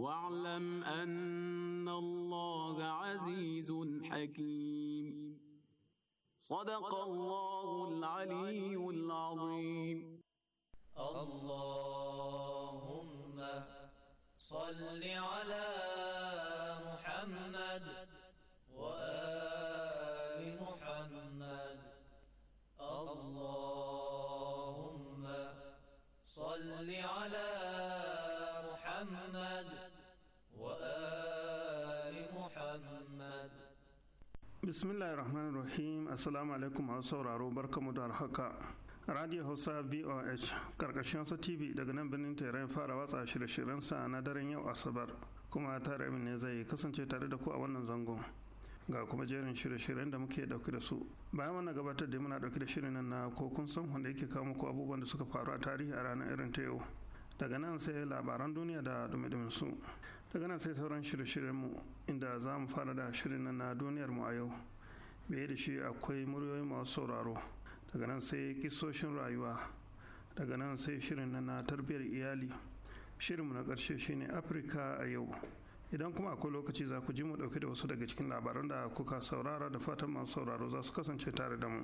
واعلم أن الله عزيز حكيم صدق الله العلي العظيم اللهم صل على محمد وآل محمد اللهم صل على محمد bismillahir rahmanir rahim assalamu alaikum masu sauraro barkamu da haka radio hausa BOH karkashin sa tv daga nan birnin tehran fara watsa shirye sa na daren yau asabar kuma tare ne zai kasance tare da ku a wannan zangon ga kuma jerin shirye-shiryen da muke dauke da su bayan wannan gabatar da muna dauke da shirin nan na ko kun san wanda yake kama ku abubuwan da suka faru a tarihi a ranar irin ta yau daga nan sai labaran duniya da dumi su daga nan sai sauran shirye-shiryenmu inda za mu fara da shirin na duniyar mu a yau biye da shi akwai muryoyi masu sauraro daga nan sai kisoshin rayuwa daga nan sai shirin na tarbiyyar iyali shirin mu na ƙarshe shine afirka a yau idan kuma akwai lokaci za ku ji mu ɗauke da wasu daga cikin labaran da kuka saurara da fatan masu sauraro za su kasance tare da mu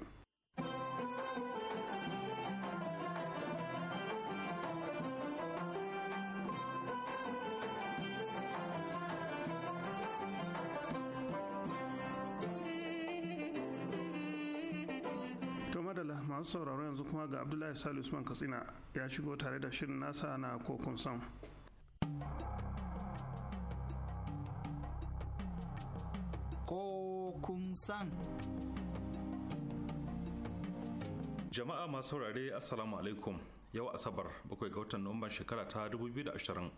masu sauraro yanzu kuma ga abdullahi sali usman katsina ya shigo tare da shirin nasa na kokun san san jama'a masu saurare assalamu alaikum yau asabar bakwai ga watan nuwamban shekara ta 2020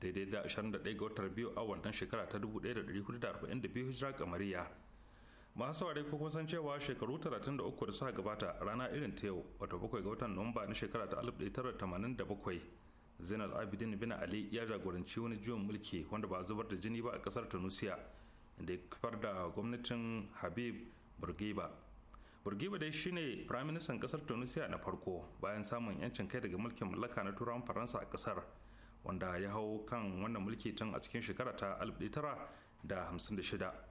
daidai da 21 ga watar biyu a wannan shekara ta 1442 hijira kamariya masu ware ko kun san cewa shekaru 33 da suka gabata rana irin ta yau wato bakwai ga watan nomba na shekara ta 1987 zainal abidin bin ali ya jagoranci wani juyin mulki wanda ba zubar da jini ba a kasar tunisia inda ya kifar da gwamnatin habib burgiba burgiba dai shine firaministan kasar tunisia na farko bayan samun yancin kai daga mulkin mallaka na turawan faransa a kasar wanda ya hau kan wannan mulki tun a cikin shekara ta 1956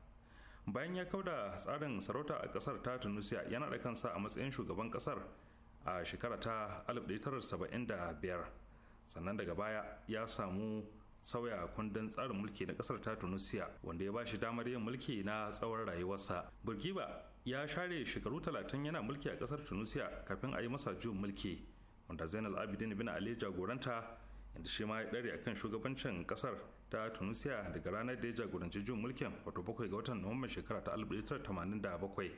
bayan ya kauda tsarin sarauta a kasar ta tunisia yana da kansa a matsayin shugaban kasar a shekara ta 1975 sannan daga baya ya samu sauya kundin tsarin mulki na kasar ta tunisia wanda ya ba shi damar yin mulki na tsawon rayuwarsa Burkiba ya share shekaru 30 yana mulki a kasar tunisia kafin a yi masa juyin mulki wanda zainal abidin bin ali jagoranta inda shi ma ya ɗare akan shugabancin kasar ta tunisia daga ranar da ya jagoranci jin mulkin wato bakwai ga watan nuwamban shekara ta da bakwai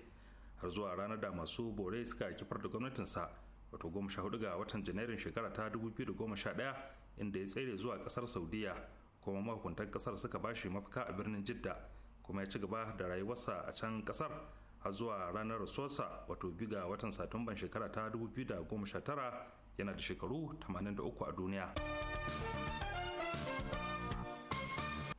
har zuwa ranar da masu bore suka kifar da gwamnatinsa wato 14 ga watan janairun shekara ta 2011 inda ya tsere zuwa kasar saudiya kuma mahukuntan kasar suka bashi mafaka a birnin jidda kuma ya ci gaba da rayuwarsa a can kasar har zuwa ranar rasuwarsa wato biga watan satumban shekara ta tara yana da shekaru 83 a duniya.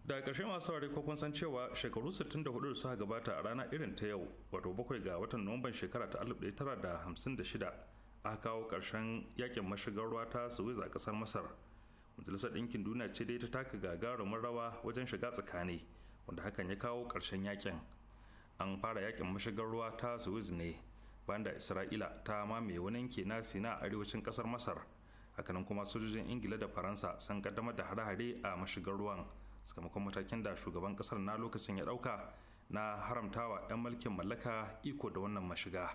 da ƙarshe masu saurari ko kun san cewa shekaru 64 da suka gabata a rana irin ta yau wato bakwai ga watan nuwamban shekara ta 1956 a kawo ƙarshen yakin mashigar ruwa ta suwiz a ƙasar masar majalisar ɗinkin duniya ce dai ta taka gagarumin rawa wajen shiga tsakani wanda hakan ya kawo ƙarshen yakin an fara yakin mashigar ruwa ta suwiz ne banda isra'ila ta mamaye wani yanki na sina a arewacin ƙasar masar hakanan kuma sojojin ingila da faransa sun kaddamar da hare-hare a mashigar ruwan sakamakon matakin da shugaban kasar na lokacin ya dauka na haramtawa 'yan mulkin mallaka iko da wannan mashiga.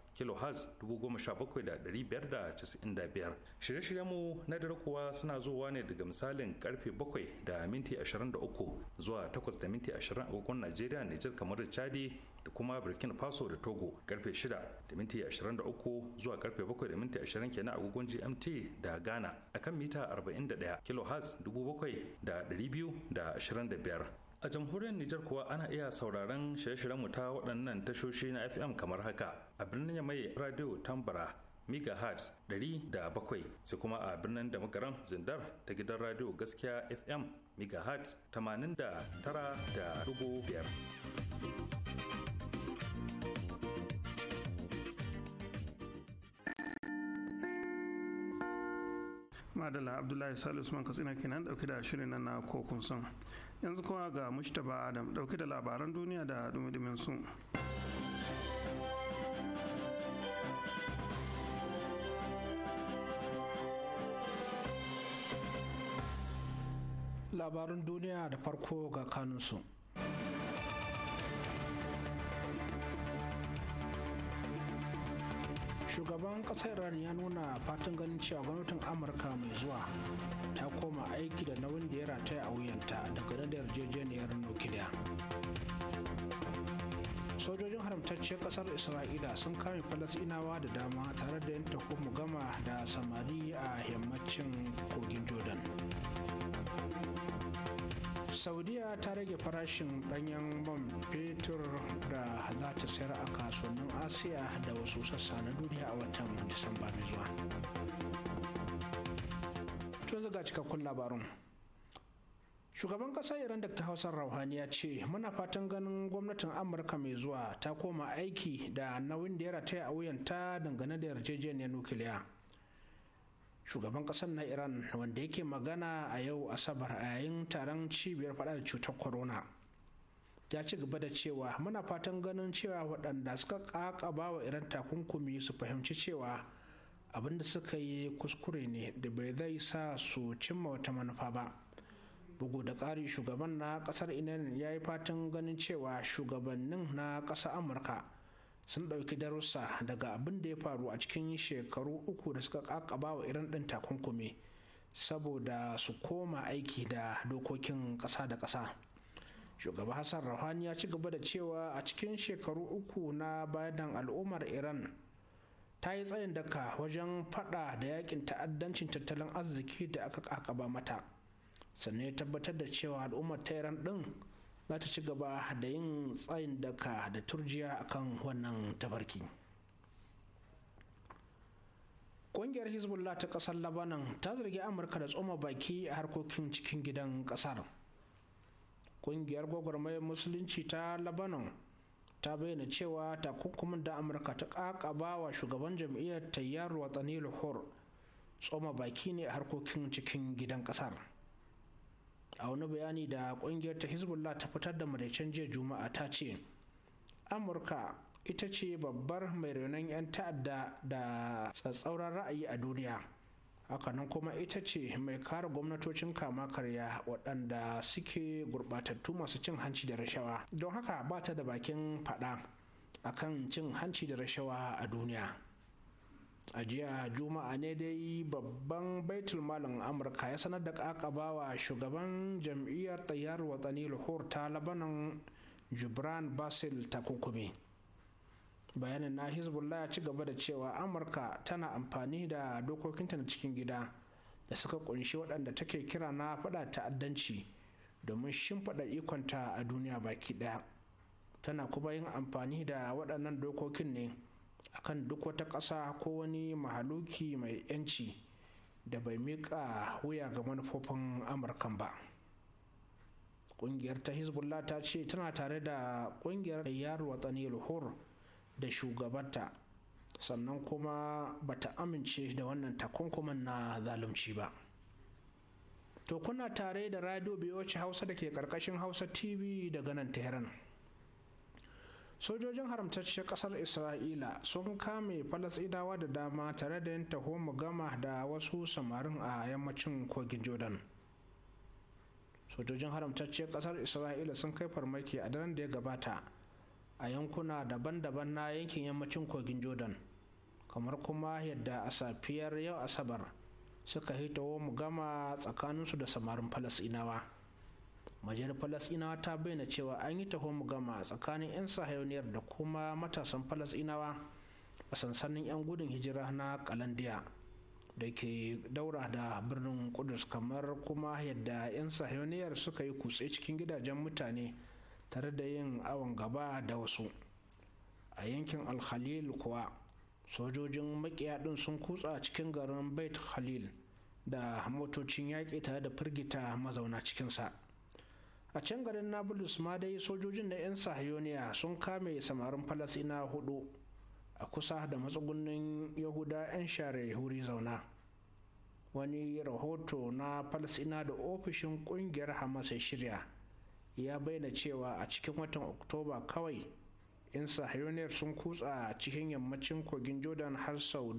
kilohertz 17595 shirye-shiryen mu na dare kuwa suna zuwa ne daga misalin karfe 7 da minti 23 zuwa 8 da minti 20 agogon najeriya nijar kamar da chadi da kuma burkina faso da togo karfe 6 da minti 23 zuwa karfe 7 da minti 20 kenan agogon gmt da ghana a kan mita 41 kilohertz 7225 a jamhuriyar Nijar kuwa ana iya sauraron shirye-shiryen mu ta waɗannan tashoshi na FM kamar haka a birnin mai radio tambara megahertz 107 sai kuma a birnin da magaram zindar ta gidan radio gaskiya fm megahertz 89.5 madala abdullahi salisu usman katsina kenan dauke da shirin nan na kokun son yanzu kuma ga mushtaba adam dauke da labaran duniya da dumi su. labarun duniya da farko ga kanunsu. shugaban kasar iran ya nuna fatan ganin cewa gwamnatin amurka mai zuwa ta koma aiki da nauyin da ya rataya a wuyanta daga da yarjejeniyar nukiliya sojojin haramtacciyar kasar isra'ila sun kame falasinawa da dama tare da yanta gama da samari a yammacin kogin jordan saudiya ta rage farashin danyen man fetur da za ta sayar a kasuwannin asiya da wasu sassa na duniya a watan disamba mai zuwa tun ga cikakkun labarun shugaban ƙasar iran dr hausan rauhani ya ce muna fatan ganin gwamnatin amurka mai zuwa ta koma aiki da nauyin da ya rataya a wuyanta dangane da yarjejeniyar nukiliya shugaban kasar na iran wanda yake magana a yau asabar a yayin taron cibiyar faɗa da cutar corona ya ci gaba da cewa muna fatan ganin cewa waɗanda suka ba wa iran takunkumi su fahimci cewa abinda suka yi kuskure ne da bai zai sa su cimma wata manufa ba bugu da ƙari shugaban na ƙasar inan ya yi fatan ganin cewa shugabannin na ƙasar amurka sun ɗauki darussa daga abin da ya faru a cikin shekaru uku da suka kakaba wa irin ɗin takunkumi saboda su koma aiki da dokokin ƙasa da ƙasa shugaba hassan rahani ya ci gaba da cewa a cikin shekaru uku na bayan al'ummar iran ta yi tsayin daka wajen fada da yakin ta'addancin tattalin arziki da aka kakaba mata sannan ya tabbatar da cewa al'ummar ta iran ɗin za ta ci gaba da yin tsayin daka da turjiya akan wannan tafarki ƙungiyar hezbollah ta ƙasar labanan ta zargi amurka da tsoma baki a harkokin cikin gidan ƙasar ƙungiyar gwagwarmayar musulunci ta labanan ta bayyana cewa takunkumin da amurka ta ƙaƙaba wa shugaban jam'iyyar tayyar watsani lahore tsoma baki ne a harkokin cikin gidan ƙasar a wani bayani da kungiyar ta hezbollah ta fitar da madaicen jiya juma'a ta ce amurka ita ce babbar mai renon 'yan ta'adda da tsatsauran ra'ayi a duniya hakanan kuma ita ce mai kare gwamnatocin kama karya waɗanda suke gurɓatattu masu cin hanci da rashawa don haka ba ta da bakin faɗa akan cin hanci da rashawa a duniya a jiya juma'a ne dai babban baitul malin amurka ya sanar da kakaba wa shugaban jam'iyyar tayar watsani lahore ta labanan jubran basil kukume bayanin na hezbollah ya ci gaba da cewa amurka tana amfani da dokokinta na cikin gida da suka kunshi waɗanda take kira na faɗa ta'addanci domin shimfiɗa ikonta a duniya baki ɗaya tana kuma yin amfani da waɗannan dokokin ne akan duk wata ƙasa ko wani mahaluki mai 'yanci da bai miƙa wuya ga manufofin amurkan ba ƙungiyar ta hezbollah ta ce tana tare da ƙungiyar yar watsani hur da shugabanta sannan kuma ba ta amince da wannan takunkuman na zalunci ba to kuna tare da radio biyu hausa da ke ƙarƙashin hausa tv daga nan tehran sojojin haramtacciyar kasar isra'ila sun kame falasɗinawa da dama tare da yin taho gama da wasu samarin a yammacin kogin jordan sojojin haramtacciyar kasar isra'ila sun kai farmaki a daren da ya gabata a yankuna daban-daban na yankin yammacin kogin jordan kamar kuma yadda a safiyar yau asabar suka hito gama tsakaninsu da samarin falasɗinawa majiyar falasinawa ta bayyana cewa an yi taho gama tsakanin 'yan sahayoniyar da kuma matasan falasinawa a sansanin 'yan gudun hijira na kalandiya da ke daura da birnin kudus kamar kuma yadda 'yan sahayoniyar suka yi kutse cikin gidajen mutane tare da yin awon gaba da wasu a yankin alkhalil kuwa sojojin makiya ɗin sun kutsa cikin garin bait khalil da motocin yaƙi tare da firgita mazauna cikinsa a can garin nablus ma dai sojojin na 'yan sahayoniya sun kame samarin falasina hudu a kusa da matsugunin yahuda 'yan share huri zauna wani rahoto na falasina da ofishin kungiyar hamas ya shirya ya bayyana cewa a cikin watan oktoba kawai 'yan sahayoniyar sun kutsa cikin yammacin kogin jordan har sau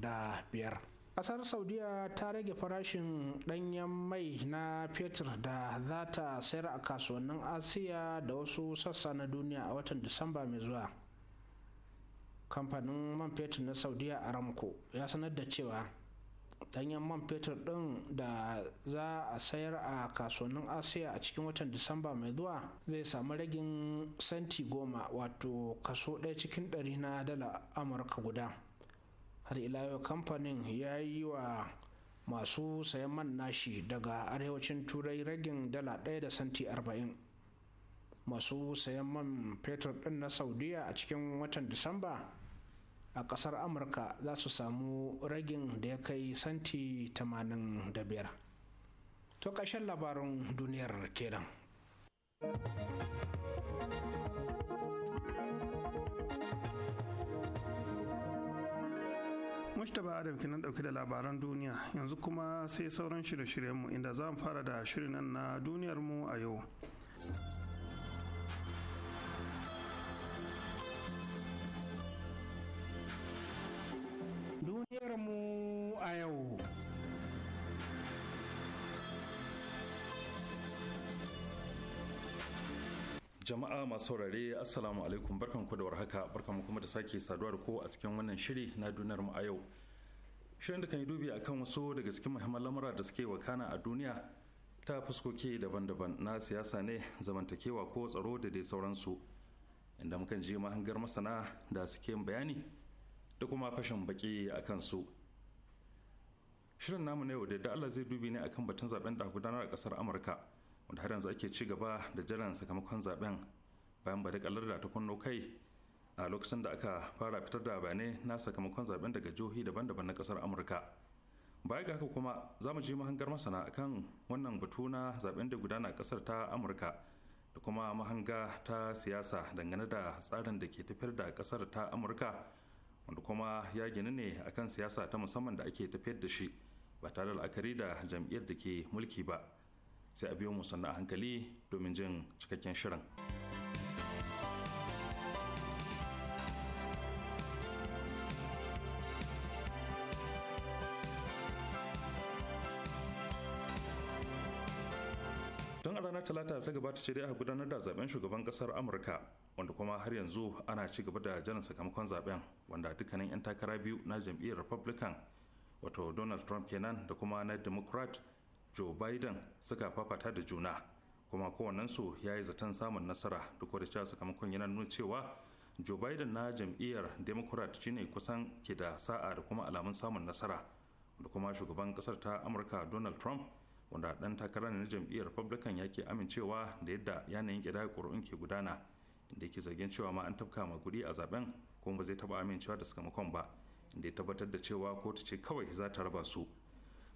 da biyar. kasar saudiya ta rage farashin ɗanyen mai na fetur da za ta sayar a kasuwannin asiya da wasu sassa na duniya a watan disamba mai zuwa kamfanin man fetur na saudiya aramco ya sanar da cewa ɗanyen man fetur ɗin da za a sayar a kasuwannin asiya a cikin watan disamba mai zuwa zai samu ragin Senti goma wato kaso ɗaya cikin ɗari na dala amurka guda har ila yau kamfanin ya yi wa masu sayan man nashi daga arewacin turai ragin dala ɗaya da santi arba'in masu sayan man fetur din na saudiya a cikin watan disamba a kasar amurka za su samu ragin da ya kai santi 85 to ƙarshen labarin duniyar kenan. Mustapha Adam kinan dauke da labaran duniya yanzu kuma sai sauran shirye-shiryenmu inda za mu fara da shirin nan na duniyar mu a yau. a yau. jama'a masu saurare assalamu alaikum barkan ku da warhaka barkan kuma da sake saduwa da ku a cikin wannan shiri na duniyar mu a yau shirin da kan yi dubi akan wasu daga cikin muhimman lamura da suke wakana a duniya ta fuskoki daban-daban na siyasa ne zamantakewa ko tsaro da dai sauransu inda mukan ji mahangar masana da suke bayani da kuma fashin baki a kansu shirin namu ne yau da Allah zai dubi ne akan batun zaben da gudanar a kasar amurka wanda har yanzu ake ci gaba da jiran sakamakon zaben bayan badakalar da ta kunno kai a lokacin da aka fara fitar da bayanai na sakamakon zaben daga jihohi daban-daban na kasar amurka baya ga haka kuma za mu je mahangar masana akan wannan batu na zaben da gudana a kasar ta amurka da kuma mahanga ta siyasa dangane da tsarin da ke tafiyar da kasar ta amurka wanda kuma ya ginu ne akan siyasa ta musamman da ake tafiyar da shi ba tare da la'akari da jam'iyyar da ke mulki ba sai a biyo mu sannan a hankali domin jin cikakken shirin. ranar talata ta gabata ce dai a gudanar da zaben shugaban kasar amurka wanda kuma har yanzu ana ci gaba da jiran sakamakon zaben wanda dukkanin 'yan takara biyu na jam'iyyar republican wato donald trump kenan da kuma na democrat joe biden suka fafata da juna kuma kowannensu ya yi zaton samun nasara duk da cewa sakamakon yana nuna cewa joe biden na jam'iyyar democrat shine kusan ke da sa'a da kuma alamun samun nasara da kuma shugaban kasar ta amurka donald trump wanda dan takarar na jam'iyyar republican ya ke amincewa da yadda yanayin ƙidaya ƙuri'un ke gudana inda yake zargin cewa ma an tafka ma kuɗi a zaben ko ba zai taɓa amincewa da sakamakon ba inda ya tabbatar da cewa kotu ce kawai za ta raba su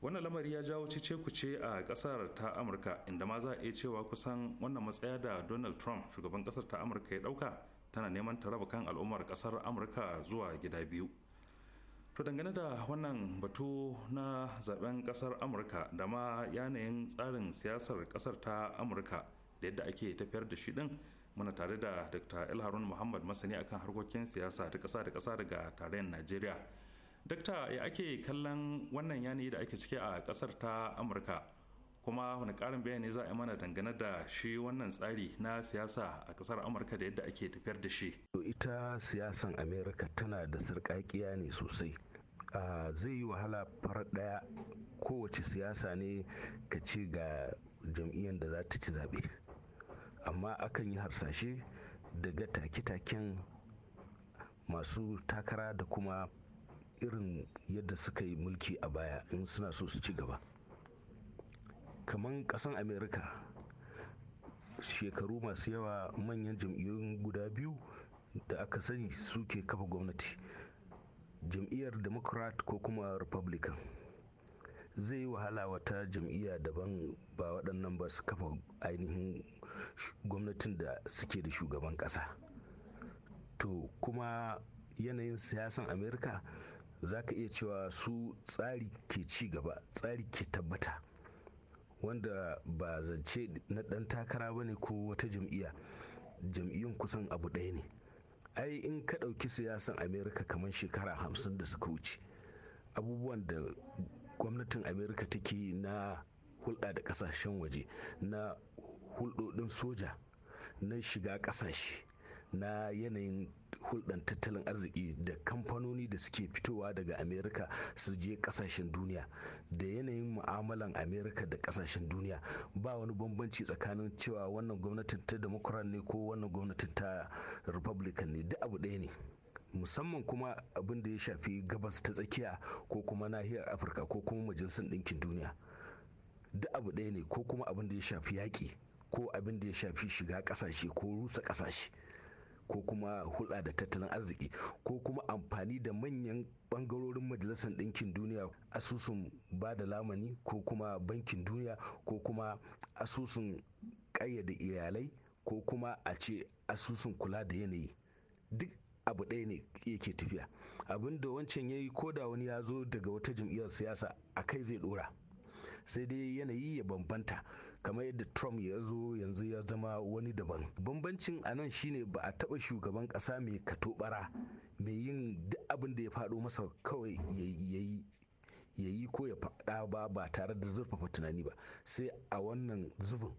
wannan lamari ya jawo cece kuce a kasar ta amurka inda ma za a iya cewa kusan wannan matsaya da donald trump shugaban kasar ta amurka ya dauka tana neman ta raba kan al'ummar kasar amurka zuwa gida biyu to dangane da wannan batu na zaben kasar amurka da ma yanayin tsarin siyasar kasar ta amurka da yadda ake tafiyar da shi din muna tare da dr ilharun muhammad masani akan harkokin siyasa ta kasa da kasa daga tarayyar najeriya Dr. ya ake kallon wannan yanayi da ake cike a kasar ta amurka kuma wani karin bayani za a mana dangane da shi wannan tsari na siyasa a kasar amurka da yadda ake tafiyar da shi To ita siyasan amerika tana da sarƙaƙiya ne sosai zai yi wahala farar ɗaya kowace siyasa ne ka ce ga jam'iyyar da za ta ci zaɓe amma akan yi harsashe daga take-taken masu takara da kuma irin yadda suka yi mulki a baya in suna so su ci gaba kamar ƙasan Amerika, shekaru masu yawa manyan jam'iyyun guda biyu da aka sani suke kafa gwamnati jam'iyyar democrat ko kuma republican zai yi wahala wata jam'iyya daban ba waɗannan ba su kafa ainihin gwamnatin da suke da shugaban ƙasa to kuma yanayin siyasan amerika za ka iya cewa su tsari ke ci gaba tsari ke tabbata wanda ba zance na ɗan takara ba ne ko wata jam'iyya jam'iyyun kusan abu ɗaya ne ai in ka ɗauki siyasan amerika kamar shekara hamsin da suka wuce abubuwan da gwamnatin amerika take na hulɗa da ƙasashen waje na hulɗoɗin soja na shiga ƙasashe na yanayin hulɗar tattalin arziki da kamfanoni da suke fitowa daga amerika su je ƙasashen duniya da yanayin mu'amalan amerika da ƙasashen duniya ba wani bambanci tsakanin cewa wannan gwamnatin ta democrat ne ko wannan gwamnatin ta republican ne duk abu ɗaya ne musamman kuma abin da ya shafi gabas ta tsakiya ko kuma nahiyar afirka ko kuma majalisar ɗinkin duniya duk abu ɗaya ne ko kuma abin da ya shafi yaƙi ko abin da ya shafi shiga ƙasashe ko rusa ƙasashe ko kuma hulɗa da tattalin arziki ko kuma amfani da manyan bangarorin majalisar ɗinkin duniya asusun ba da lamani ko kuma bankin duniya ko kuma asusun ƙayyade iyalai ko kuma a ce asusun kula da yanayi duk abu ɗaya ne yake tafiya abin da wancan ya yi da wani ya zo daga wata jam'iyyar siyasa a kai zai ɗora sai dai yanayi ya bambanta kamar yadda trump ya zo yanzu ya zama wani daban bambancin a nan shine ba a taɓa shugaban ƙasa mai katobara mai yin duk abin da ya faɗo masa kawai ya yi ko ya faɗa ba ba tare da zurfafa tunani ba sai a wannan zubin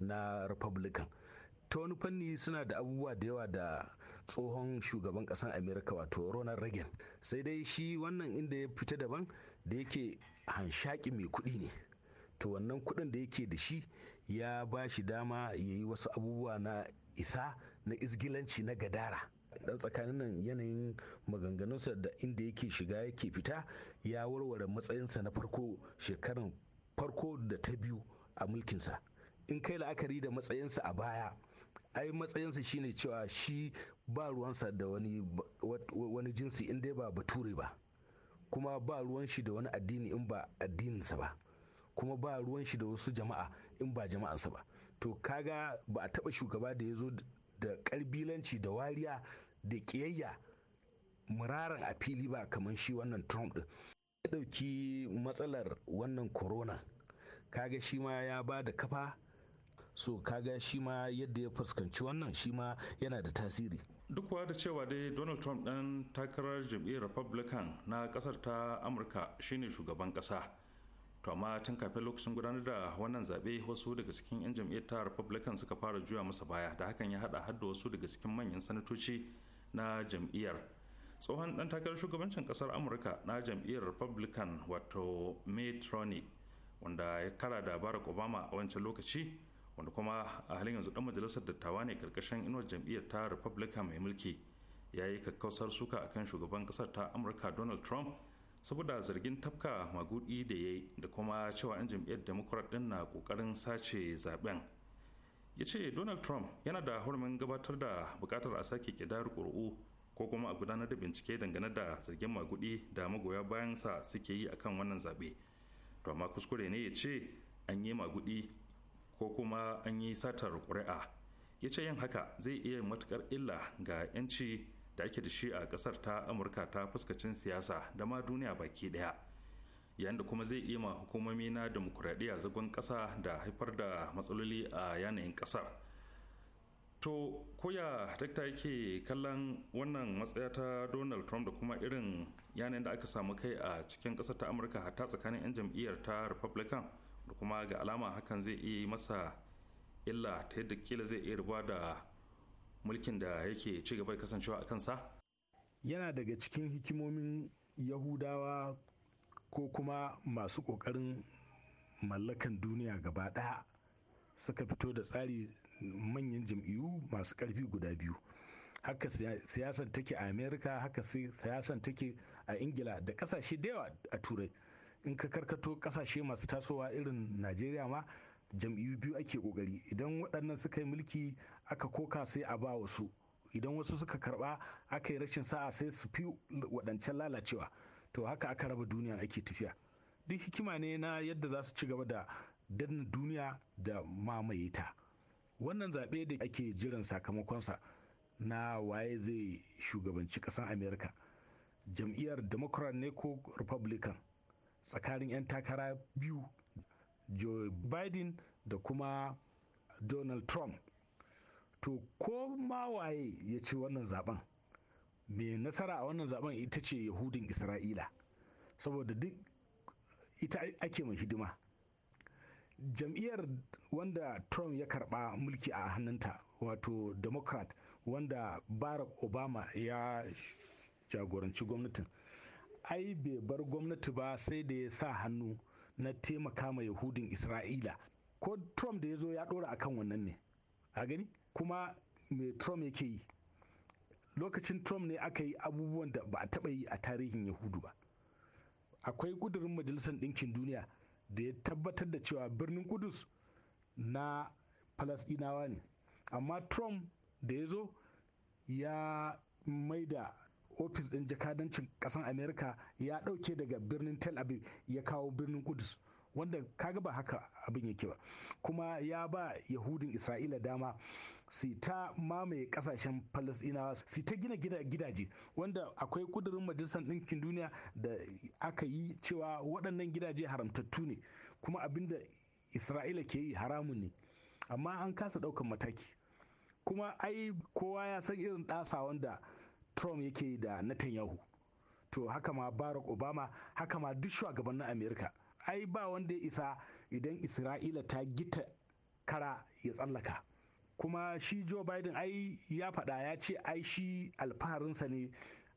na republican ta wani fanni suna da abubuwa da yawa da tsohon shugaban ƙasar america wato ronald reagan sai dai shi wannan inda ya fita daban da yake hanshaki mai kuɗi ne to wannan kuɗin da yake da shi ya ba shi dama ya yi wasu abubuwa na isa na izgilanci na gadara dan tsakanin nan yanayin maganganunsa da inda yake shiga yake fita ya warware matsayinsa na farko shekaran farko da ta biyu a mulkinsa in kai la'akari da matsayinsa a baya ai matsayinsa shine cewa shi ba ruwansa da wani, wani jinsi inda dai ba bature ba kuma ba ruwan shi da wani addini in ba addininsa ba kuma ba ruwan shi da wasu jama'a in ba jama'ansa ba to kaga ba a taba shugaba da ya zo da karbilanci da wariya da kiyayya muraran a fili ba kamar shi wannan trump din ya ɗauki matsalar wannan corona kaga shi ma ya ba da kafa so kaga shi ma yadda ya fuskanci wannan shi ma yana da tasiri duk da cewa dai donald trump ɗan takarar jam'iyyar republican na ƙasar ta amurka shine shugaban ƙasa to amma tun kafin lokacin gudanar da wannan zabe wasu daga cikin 'yan jam'iyyar ta republican suka fara juya masa baya da hakan ya haɗa hadda wasu daga cikin manyan sanatoci na jam'iyyar tsohon ɗan takarar shugabancin kasar amurka na jam'iyyar republican wato mitt romney wanda ya kara da barack obama a wancan lokaci wanda kuma a halin yanzu dan majalisar dattawa ne karkashin inuwar jam'iyyar ta republican mai mulki ya yi kakkausar suka akan shugaban kasar ta amurka donald trump saboda zargin tafka magudi da ya yi da kuma cewa 'yan jam'iyyar democrat din na kokarin sace zaben ya ce donald trump yana da hurumin gabatar da bukatar a sake kidar ƙuri'u ko kuma a gudanar da bincike dangane da zargin magudi da magoya bayan sa suke yi akan wannan zaɓe to amma kuskure ne ya ce an yi magudi ko kuma an yi satar ƙuri'a ya ce yin haka zai iya matukar illa ga 'yanci da ake da shi a kasar ta amurka ta fuskacin siyasa da ma duniya baki daya yayin da kuma zai iya ma hukumomi na demokuraɗiyya zagon ƙasa da haifar da matsaloli a yanayin ƙasar to koya ta yake kallon wannan matsaya ta donald trump da kuma irin yanayin da aka samu kai a cikin ƙasar ta amurka hatta tsakanin 'yan jam'iyyar ta republican da kuma ga alama hakan zai iya masa illa ta yadda kila zai iya riba da mulkin da yake ci gaba kasancewa a kansa yana daga cikin hikimomin yahudawa ko kuma masu ƙoƙarin mallakan duniya gaba ɗaya suka fito da tsari manyan jam'iyyu masu ƙarfi guda biyu haka siyasan take a amerika haka siyasan take a ingila da ƙasashe da yawa a turai in ka karkato ƙasashe masu tasowa irin najeriya ma jam'iyyu biyu ake ƙoƙari idan waɗannan suka yi mulki aka koka sai a ba wasu idan wasu suka karba aka yi rashin sa'a sai su fi waɗancan lalacewa to haka aka raba duniya ake tafiya duk hikima ne na yadda za su ci gaba da danna duniya da mamaye ta wannan zaɓe da ake jiran sakamakonsa na waye zai shugabanci ƙasar america jam'iyyar democrat ne ko republican tsakanin 'yan takara biyu joe biden da kuma donald trump to ko ma waye ya ci wannan zaben mai nasara a wannan zaben ita ce yahudin isra'ila saboda duk ita ake mai hidima jam'iyyar wanda trump ya karba mulki a hannunta wato democrat wanda barack obama ya jagoranci gwamnatin ai bai bar gwamnati ba sai da ya sa hannu na taimaka ma yahudin isra'ila ko trump da ya zo ya dora akan wannan ne a gani kuma me trump yake yi lokacin trump ne aka yi abubuwan da ba a taba yi a tarihin yahudu ba akwai kudurin majalisar ɗinkin duniya da ya tabbatar da cewa birnin kudus na palestinawa ne amma trump da ya zo ya mai da ofis ɗin jakadancin ƙasar amerika ya ɗauke daga birnin tel aviv ya kawo birnin kudus wanda kaga ba haka abin yake ba kuma ya ba yahudin isra'ila dama su ta mamaye kasashen falasɗinawa su ta gina gidaje wanda akwai kudurin majalisar ɗinkin duniya da aka yi cewa waɗannan gidaje haramtattu ne kuma abin da isra'ila ke yi haramun ne amma an kasa ɗaukan mataki kuma ai kowa ya san irin ɗasa wanda trump yake yi da netanyahu to haka ma barack obama haka ma duk shugabannin amerika ai ba wanda ya isa idan isra'ila ta gita kara ya tsallaka kuma shi joe biden ai ya faɗa ya ce ai shi alfaharinsa ne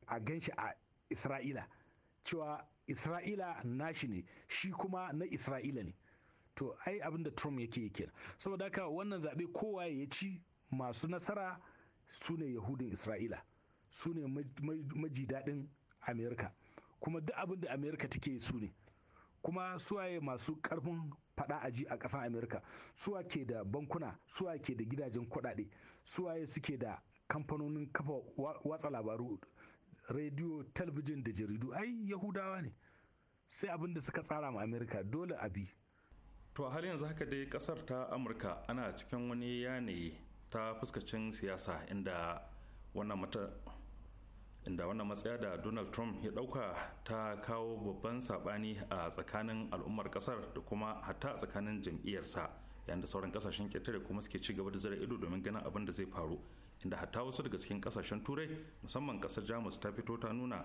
a ganshi a isra'ila cewa isra'ila nashi ne shi kuma na isra'ila ne to ai abin da trump yake yake saboda haka wannan zaɓe kowa ya ci masu nasara su ne yahudin isra'ila su ne maji daɗin amerika kuma duk abin da amerika take su ne kuma suwaye masu ƙarfin faɗa aji a ƙasar america suwa ke da bankuna suwa ke da gidajen kuɗaɗe suwaye suke da kamfanonin kafa watsa labaru rediyo talabijin da jaridu ai yahudawa ne sai abin da suka tsara ma america dole a bi to a yanzu haka dai kasar ta amurka ana cikin wani yanayi ta fuskacin siyasa inda wannan mata inda wannan matsaya da donald trump ya dauka ta kawo babban sabani a tsakanin al'ummar kasar da kuma hatta tsakanin jam'iyyarsa yayin da sauran kasashen ketare kuma suke ci gaba da zira ido domin ganin abin da zai faru inda hatta wasu daga cikin kasashen turai musamman kasar jamus ta fito ta nuna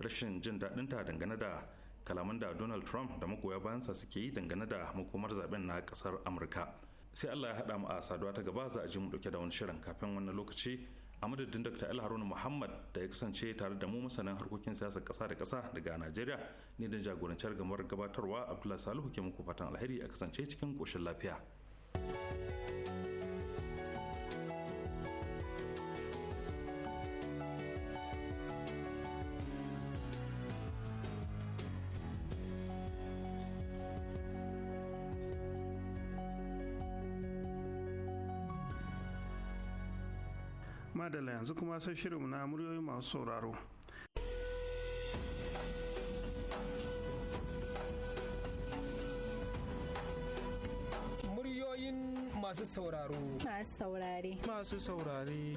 rashin jin daɗinta dangane da kalaman da donald trump da magoya bayansa suke yi dangane da makomar zaben na kasar amurka sai allah ya haɗa mu a saduwa ta gaba za a ji mu ɗauke da wani shirin kafin wannan lokaci a madadin dr el haruna muhammad da ya kasance tare da mu masanin harkokin siyasar kasa da kasa daga najeriya ne don jagorancar gamar gabatarwa abdullahi salihu ke muku fatan alheri a kasance cikin koshin lafiya madala yanzu kuma sai shirin na muryoyi masu sauraro muryoyin masu sauraro masu saurare masu saurare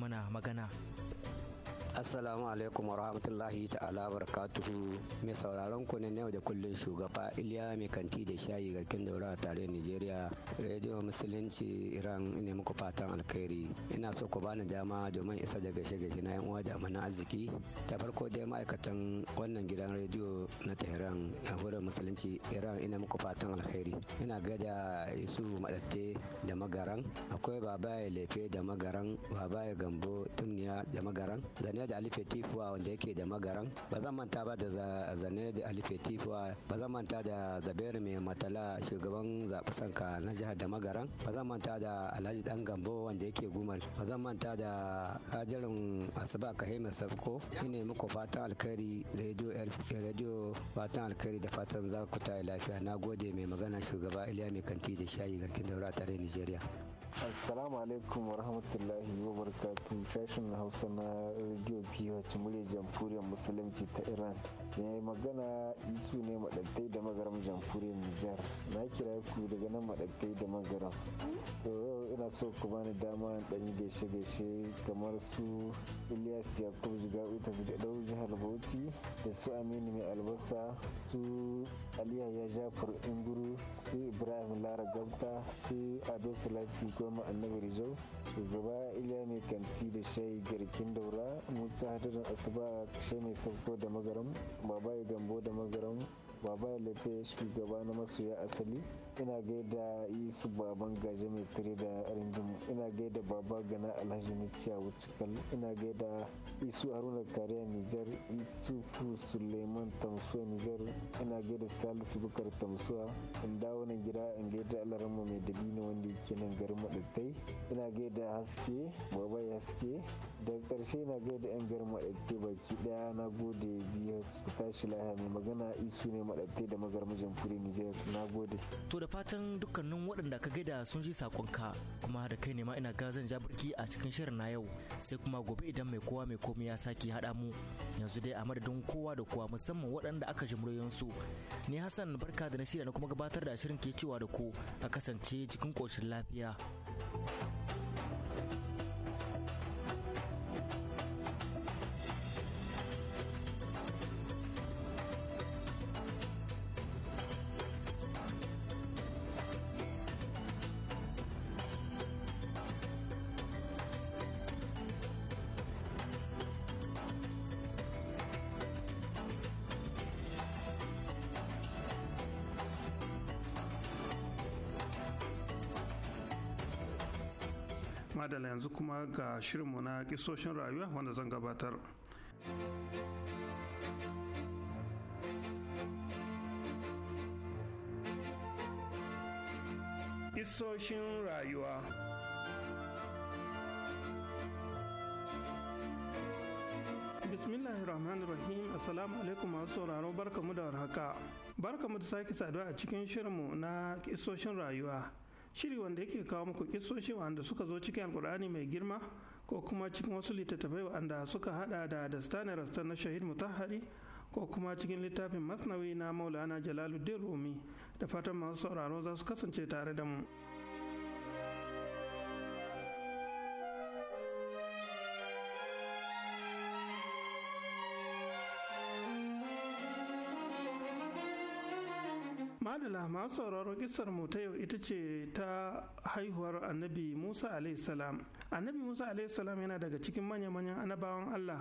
mana magana. Assalamu alaikum wa rahmatullahi ta'ala barakatuhu mai sauraron ku ne na yau da kullum shugaba Iliya mai kanti da shayi garkin daura a tare Nigeria Radio Musulunci Iran ne muku fatan alkhairi ina so ku bani dama domin isa da gashe gashe na yan uwa da amana arziki ta farko dai ma'aikatan wannan gidan rediyo na Tehran wurin Musulunci Iran ina muku fatan alkhairi ina gada Yusuf Madatte da Magaran akwai Babaye Lefe da Magaran Babaye Gambo Tumniya da Magaran Zaniya da alifetifuwa wanda yake da magaran ba zan manta ba da zane da alifetifuwa ba zan manta da zaberi mai matala shugaban zaɓi sanka na jihar da magaran ba zan manta da alhaji dan gambo wanda yake gumal ba zan manta da hajarin asuba kahima safko ina muku fatan alkari radio fatan alkhairi da fatan za ku ta lafiya na gode mai magana shugaba iliya mai kanti da shayi garkin daura tare nigeria assalamu alaikum wa rahmatullahi wa barakatu sashen hausa na radio ph murya jamhuriyar musulunci ta iran mai magana isu ne madattai da magaram jamhuriyar nijar na kira ku daga nan madattai da magaram to yau ina so ku bani dama dan gaishe gaishe kamar su ilyas yakub jigawi ta dau jihar bauchi da su aminu mai albasa su aliya ya jafar inguru su ibrahim lara gabta su ado salati goma annabi rijau shugaba iliya mai kanti da shai garkin daura musa hadarin asuba kashe mai sauko da magaram babaye gambo da magaram baba lefe shugaba na masoya asali ina gaida isu baban gaje mai tare da ringin ina gaida baba gana alhaji nuciya wucikal ina gaida isu haruna kariya nijar isufu suleiman tamsuwa nijar ina gaida salisu bukar tamsuwa in dawo nan gida in gaida alarma mai dabino wanda yake nan garin maɗattai ina gaida haske baba ya haske da ƙarshe ina gaida yan garin maɗattai baki ɗaya na gode biyu su tashi lahiya mai magana isu ne maɗattai da mijin fure nijar na gode. da fatan dukkanin waɗanda ka gaida sun ji sakonka kuma da kai ne ma ina gazan birki a cikin shirin na yau sai kuma gobe idan mai kowa mai komai ya sake haɗa mu yanzu dai a madadin kowa da kowa musamman waɗanda aka ji su ni Hassan barka da na shirya na kuma gabatar da shirin ke cewa da ku a kasance cikin ƙoshin lafiya. ga shirinmu na kisoshin rayuwa wanda zan gabatar. Kisoshin rayuwa Bismillahir Rahmanir Rahim Assalamu alaikum masu sauraro barkamu da warhaka barkamu da sake saduwa a cikin shirinmu na kisoshin rayuwa shiri wanda yake kawo muku kisoshi wanda suka zo cikin alkur'ani mai girma ko kuma cikin wasu littattafai wanda suka hada da dastanar rastar na shahid mutahari ko kuma cikin littafin masnawi na maulana jalaluddin rumi da fatan masu sauraro za su kasance tare da mu. madala masu sauraron kisar mu ta yau ita ce ta haihuwar annabi musa salam annabi musa salam yana daga cikin manya-manyan annabawan allah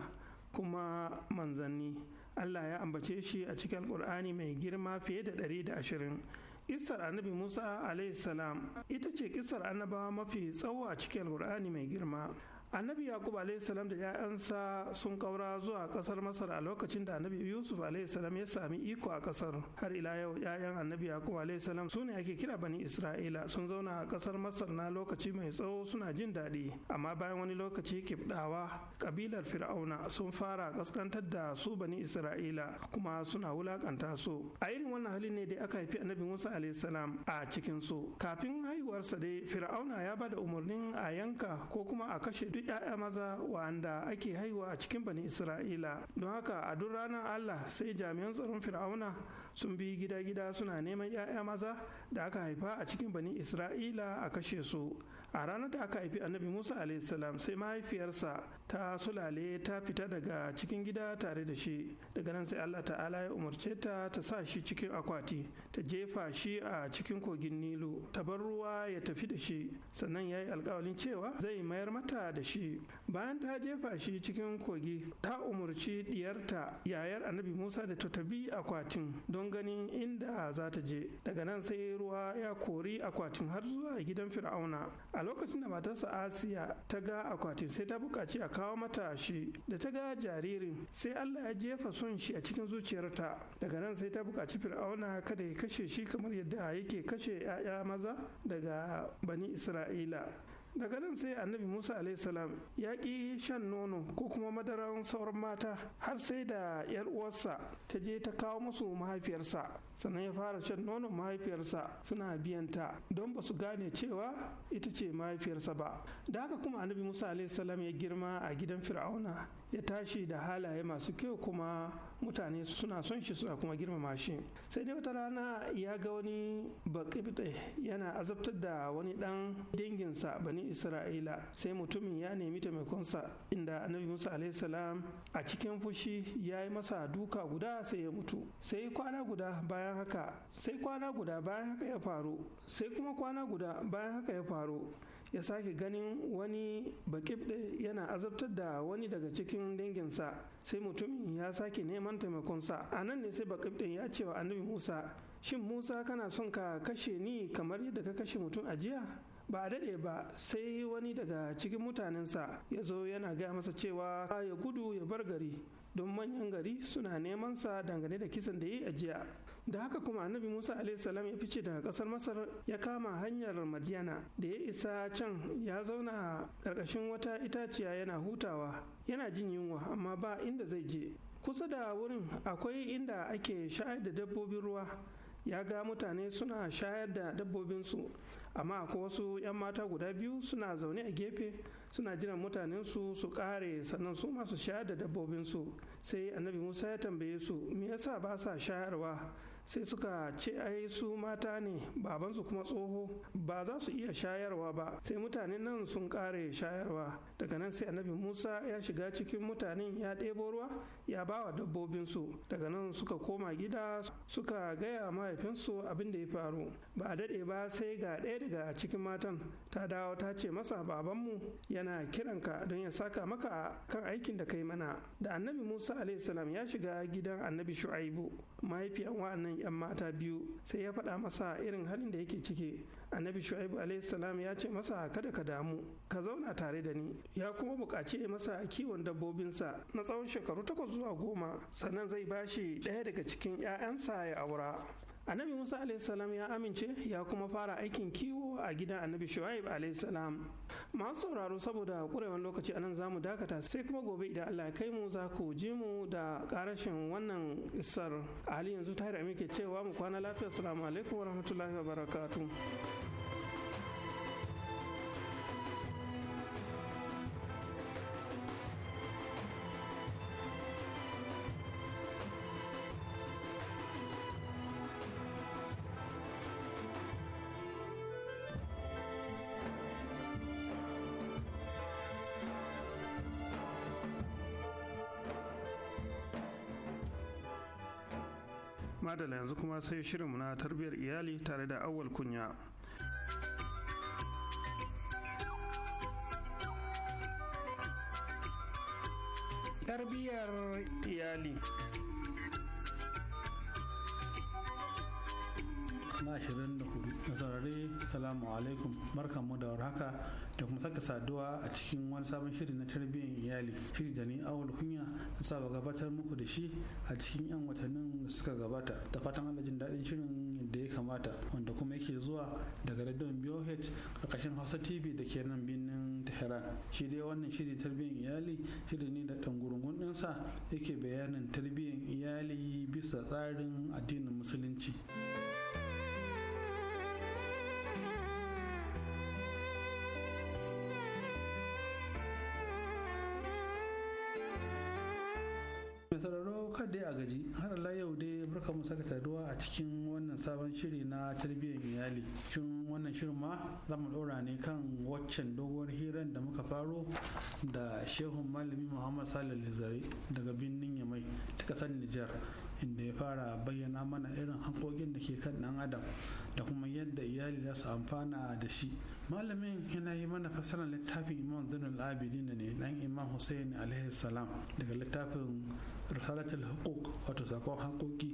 kuma manzanni allah ya ambace shi a cikin alkur'ani mai girma fiye da ɗari da ashirin. Kisar annabi Musa salam ita ce kisar annabawa mafi tsawo a cikin alkur'ani mai girma. annabi yakub salam da 'ya'yansa sun kaura zuwa kasar masar a lokacin da annabi yusuf salam ya sami iko a kasar har ila yau 'ya'yan annabi yakub salam su ne ake kira bani isra'ila sun zauna a kasar masar na lokaci mai tsawo suna jin daɗi amma bayan wani lokaci kibdawa kabilar fir'auna sun fara kaskantar da su bani isra'ila kuma suna wulakanta su a irin wannan halin ne da aka haifi annabi musa salam a cikin su kafin haihuwarsa dai fir'auna ya bada umarnin a yanka ko kuma a kashe duk duk 'ya'ya maza wanda ake haihuwa a cikin bani isra'ila don haka a duk ranar allah sai jami'an tsaron fir'auna sun bi gida-gida suna neman 'ya'ya maza da aka haifa a cikin bani isra'ila a kashe su a ranar da aka haifi annabi musa salam sai mahaifiyarsa ta sulale ta fita daga cikin gida tare da shi daga nan sai allah ta'ala ya umarce ta ta sa shi cikin akwati ta jefa shi a cikin kogin nilu ta bar ruwa ya tafi da shi sannan ya yi alkawalin cewa zai mayar mata da shi bayan ta jefa shi cikin kogi ta umarci diyarta yayar annabi musa da ta tabi akwatin don don ganin inda za ta je daga nan sai ruwa ya kori akwatin har zuwa gidan fir'auna a lokacin da matarsa asiya ta ga akwatin sai ta bukaci a kawo mata shi da ta ga jaririn sai allah ya jefa son shi a cikin zuciyarta daga nan sai ta bukaci fir'auna kada ya kashe shi kamar yadda yake kashe 'ya'ya maza daga bani isra'ila daga nan sai annabi musa salam ya ƙi shan nono ko kuma madarar sauran mata har sai da yar uwarsa ta je ta kawo musu mahaifiyarsa sannan ya fara shan nonon mahaifiyarsa suna biyanta don ba su gane cewa ita ce mahaifiyarsa ba da haka kuma annabi musa salam ya girma a gidan fir'auna ya tashi da halaye masu kyau kuma mutane suna son shi suna kuma girmama shi sai dai wata rana ya ga wani bakibte yana azabtar da wani dan danginsa bani isra'ila sai mutumin ya nemi taimakonsa inda annabi musa salam a cikin fushi ya yi masa duka guda sai ya mutu sai kwana guda bayan bayan haka sai kwana guda bayan haka ya faru sai kuma kwana guda bayan haka ya faru ya sake ganin wani bakibde yana azabtar da wani daga cikin danginsa sai mutumin ya sake neman taimakonsa a nan ne sai bakibden ya cewa wa annabi musa shin musa kana son ka kashe ni kamar yadda ka kashe mutum a jiya ba a daɗe ba sai wani daga cikin mutanensa ya zo yana gaya masa cewa ya gudu ya bar gari don manyan gari suna neman sa dangane da kisan da ya yi a jiya da haka kuma annabi musa salam ya fice daga kasar masar ya kama hanyar madiyana da ya isa can ya zauna a ƙarƙashin wata itaciya yana hutawa yana jin yunwa amma ba inda zai je kusa da wurin akwai inda ake shayar da dabbobin ruwa ya ga mutane suna shayar da dabbobinsu amma akwai wasu 'yan mata guda biyu suna zaune a gefe suna jiran mutanensu su kare sannan su masu shayar da dabbobinsu sai annabi musa ya tambaye su me yasa ba sa shayarwa sai suka ce ai su mata ne babansu kuma tsoho ba za su iya shayarwa ba sai mutanen nan sun kare shayarwa daga nan sai annabi musa ya shiga cikin mutanen ya ɗebo ruwa ya ba wa dabbobinsu daga nan suka koma gida suka gaya mahaifinsu abin da ya faru ba a daɗe ba sai ga ɗaya daga cikin matan ta dawo ta ce masa babanmu yana kiranka don ya saka maka kan aikin da kai mana da annabi musa salam ya shiga gidan annabi shu'aibu mahaifiyan wa'annan 'yan mata biyu sai ya faɗa masa irin halin da yake ciki annabi shu'aibu alaihi salam ya ce masa kada ka damu ka zauna tare da ni ya kuma buƙaci masa kiwon dabbobinsa na tsawon shekaru takwas zuwa goma sannan zai bashi ɗaya daga cikin 'ya'yansa ya aura annabi musa alaihissalam ya amince ya kuma fara aikin kiwo a gidan annabi shu'aib alaihissalam masu sauraro saboda kurewan lokaci anan zamu dakata sai kuma gobe idan allah ya kai mu za ku ji mu da karashin wannan isar a halin yanzu tahir ke cewa mu kwana lafiya assalamu alaikum warahmatullahi barakatu. madala yanzu kuma sai shirinmu na tarbiyyar iyali tare da awal kunya tarbiyyar iyali da 24 na saurari salamu alaikum barka mu da warhaka da kuma saka saduwa a cikin wani sabon shiri na tarbiyyar iyali shiri da ni awul kunya na saba gabatar muku da shi a cikin yan watannin da suka gabata da fatan Allah jin daɗin shirin da ya kamata wanda kuma yake zuwa daga radion BOH karkashin Hausa TV da ke nan birnin Tehran shi dai wannan shiri tarbiyyar iyali shiri ne da ɗan gurungun ɗinsa yake bayanin tarbiyyar iyali bisa tsarin addinin musulunci. kar dai a gaji har Allah yau dai barka mu saka taduwa a cikin wannan sabon shiri na tarbiyyar iyali cikin wannan shirin ma za mu dora ne kan waccan doguwar hirar da muka faro da shehun malami muhammad salih lizari daga birnin yamai ta ƙasar nijar inda ya fara bayyana mana irin hankokin da ke kan ɗan adam da kuma yadda iyali za su amfana da shi malamin yana yi mana fasarar littafin imam zainul abidin ne dan imam hussein alaihi salam daga littafin risalatul hukuk wato sakon hakoki"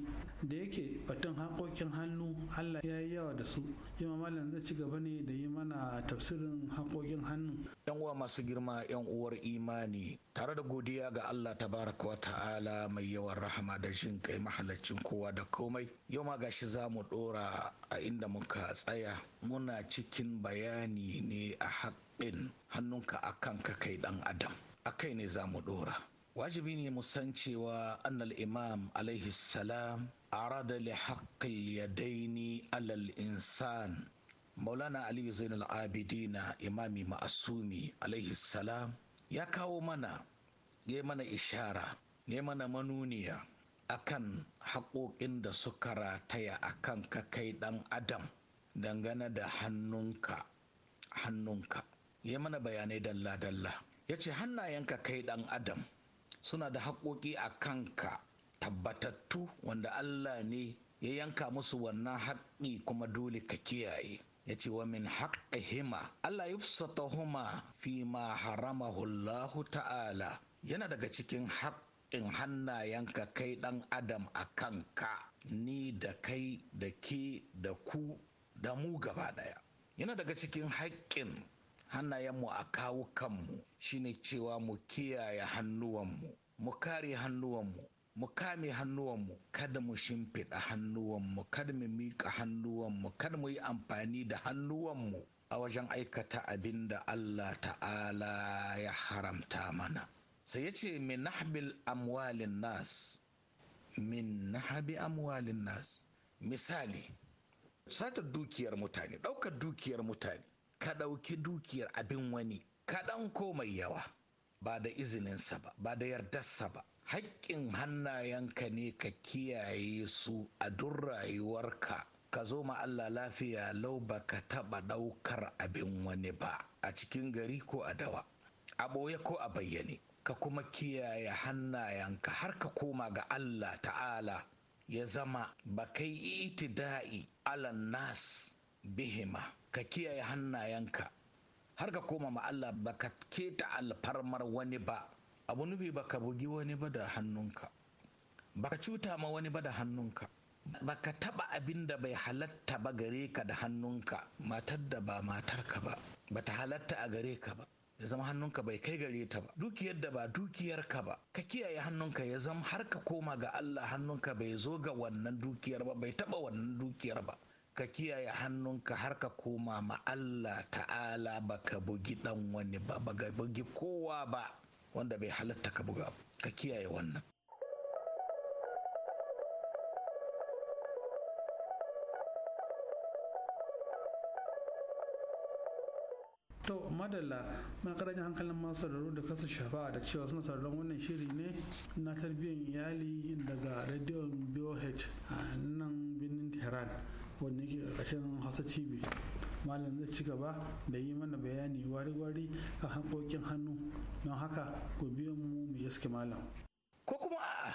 da yake batun hakokin hannu allah ya yi yawa da su yamma malam zai ci gaba ne da yi mana tafsirin hakokin hannu yan uwa masu girma yan uwar imani tare da godiya ga allah tabaraka wa ta'ala mai yawan rahama da jin kai mahalaccin kowa da komai yau ma gashi za mu dora a inda muka tsaya muna cikin bayani imani ne a haƙƙin hannunka a kanka kai ɗan adam a kai ne za mu ɗora wajibi ne mu san cewa annal imam alaihi salam arada li ya yadaini alal insan maulana aliyu zainul abidina imami ma'asumi alaihi salam ya kawo mana ya mana ishara ya mana manuniya akan haƙoƙin da suka rataya a kan ka kai ɗan adam dangane da hannunka hannunka ya mana bayanai dalla-dalla ya ce hannayenka kai ɗan adam suna da haƙoƙi a kanka tabbatattu wanda allah ne ya yanka musu wannan haƙƙi kuma dole ka kiyaye ya ce wa min hima allah huma fi ma haramahullahu ta'ala yana daga cikin haƙƙin hannayenka kai ɗan adam a kanka ni da kai da ke da ku da mu gaba ɗaya yana daga cikin haƙƙin hannayenmu a kawukanmu kanmu shine cewa mu kiyaye hannuwanmu mu kare hannuwanmu mu kame hannuwanmu kada mu shimfiɗa hannuwanmu kada mu miƙa hannuwanmu kada mu yi amfani da hannuwanmu a wajen aikata abin da Allah ta'ala ya haramta mana sai ya ce min nahbil amwalin nas min amwalin nas misali sata dukiyar mutane ɗaukar dukiyar mutane ka ɗauki dukiyar abin wani kaɗan ko mai yawa ba da izininsa ba ba da yardarsa ba haƙƙin hannayenka ne ka kiyaye su a duk rayuwarka ka zo ma Allah lafiya lau ba ka taɓa ɗaukar abin wani ba a cikin gari ko a dawa a ɓoye ko a bayyane ka kuma kiyaye hannayenka har ka koma ga Allah ta'ala ya zama ba kai itida'i alan nas bihima ka kiyaye hannayenka har ka koma ma Allah ba ka keta alfarmar wani ba abu nufi ba ka bugi wani ba da hannunka ba ka cuta ma wani ba da hannunka ba ka taɓa abin da bai halatta ba gare ka da hannunka matar da ba matarka ba ba ta halatta a gare ka ba ya zama hannunka bai kai gare ta ba dukiyar da ba dukiyarka ba ka kiyaye hannunka ya zama har ka koma ga Allah hannunka bai zo ga wannan dukiyar ba bai taba wannan dukiyar ba ka kiyaye hannunka har ka koma ma Allah ta'ala ba ka bugi dan wani ba ba ka bugi kowa ba wanda bai halatta ka buga ka kiyaye wannan to madalla muna karajin hankalin masu sauraro da kasa shafa da cewa suna sauraron wannan shiri ne na tarbiyyar iyali daga rediyon boh a nan birnin tehran wanda yake ƙarshen hausa tv malam zai ci gaba da yi mana bayani wari-wari a hankokin hannu don haka ku biyo mu mu yaske malam ko kuma a'a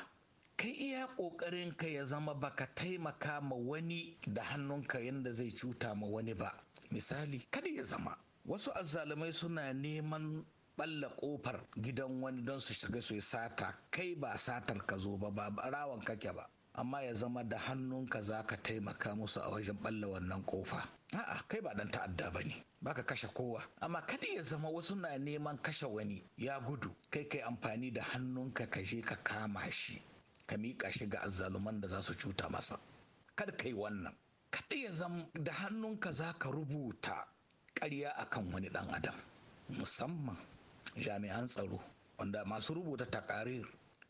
kai iya kokarin ka ya zama baka taimaka ma wani da hannunka yadda zai cuta ma wani ba misali kada ya zama wasu azzalumai suna neman balla kofar gidan wani don su shiga su yi sata kai ba satar ka zo ba ba rawan kake ba amma ya zama da hannunka za ka taimaka musu a wajen balla wannan kofa a'a kai ba dan ta'adda ba ne Ba ka kashe kowa amma kada ya zama wasu na neman kashe wani ya gudu kai kai amfani da hannunka ka je ka kama shi ka miƙa shi ga azzaluman da za su cuta masa kar kai wannan kada ya zama da hannunka za ka rubuta ƙarya akan wani ɗan adam musamman jami'an tsaro wanda masu rubuta takarir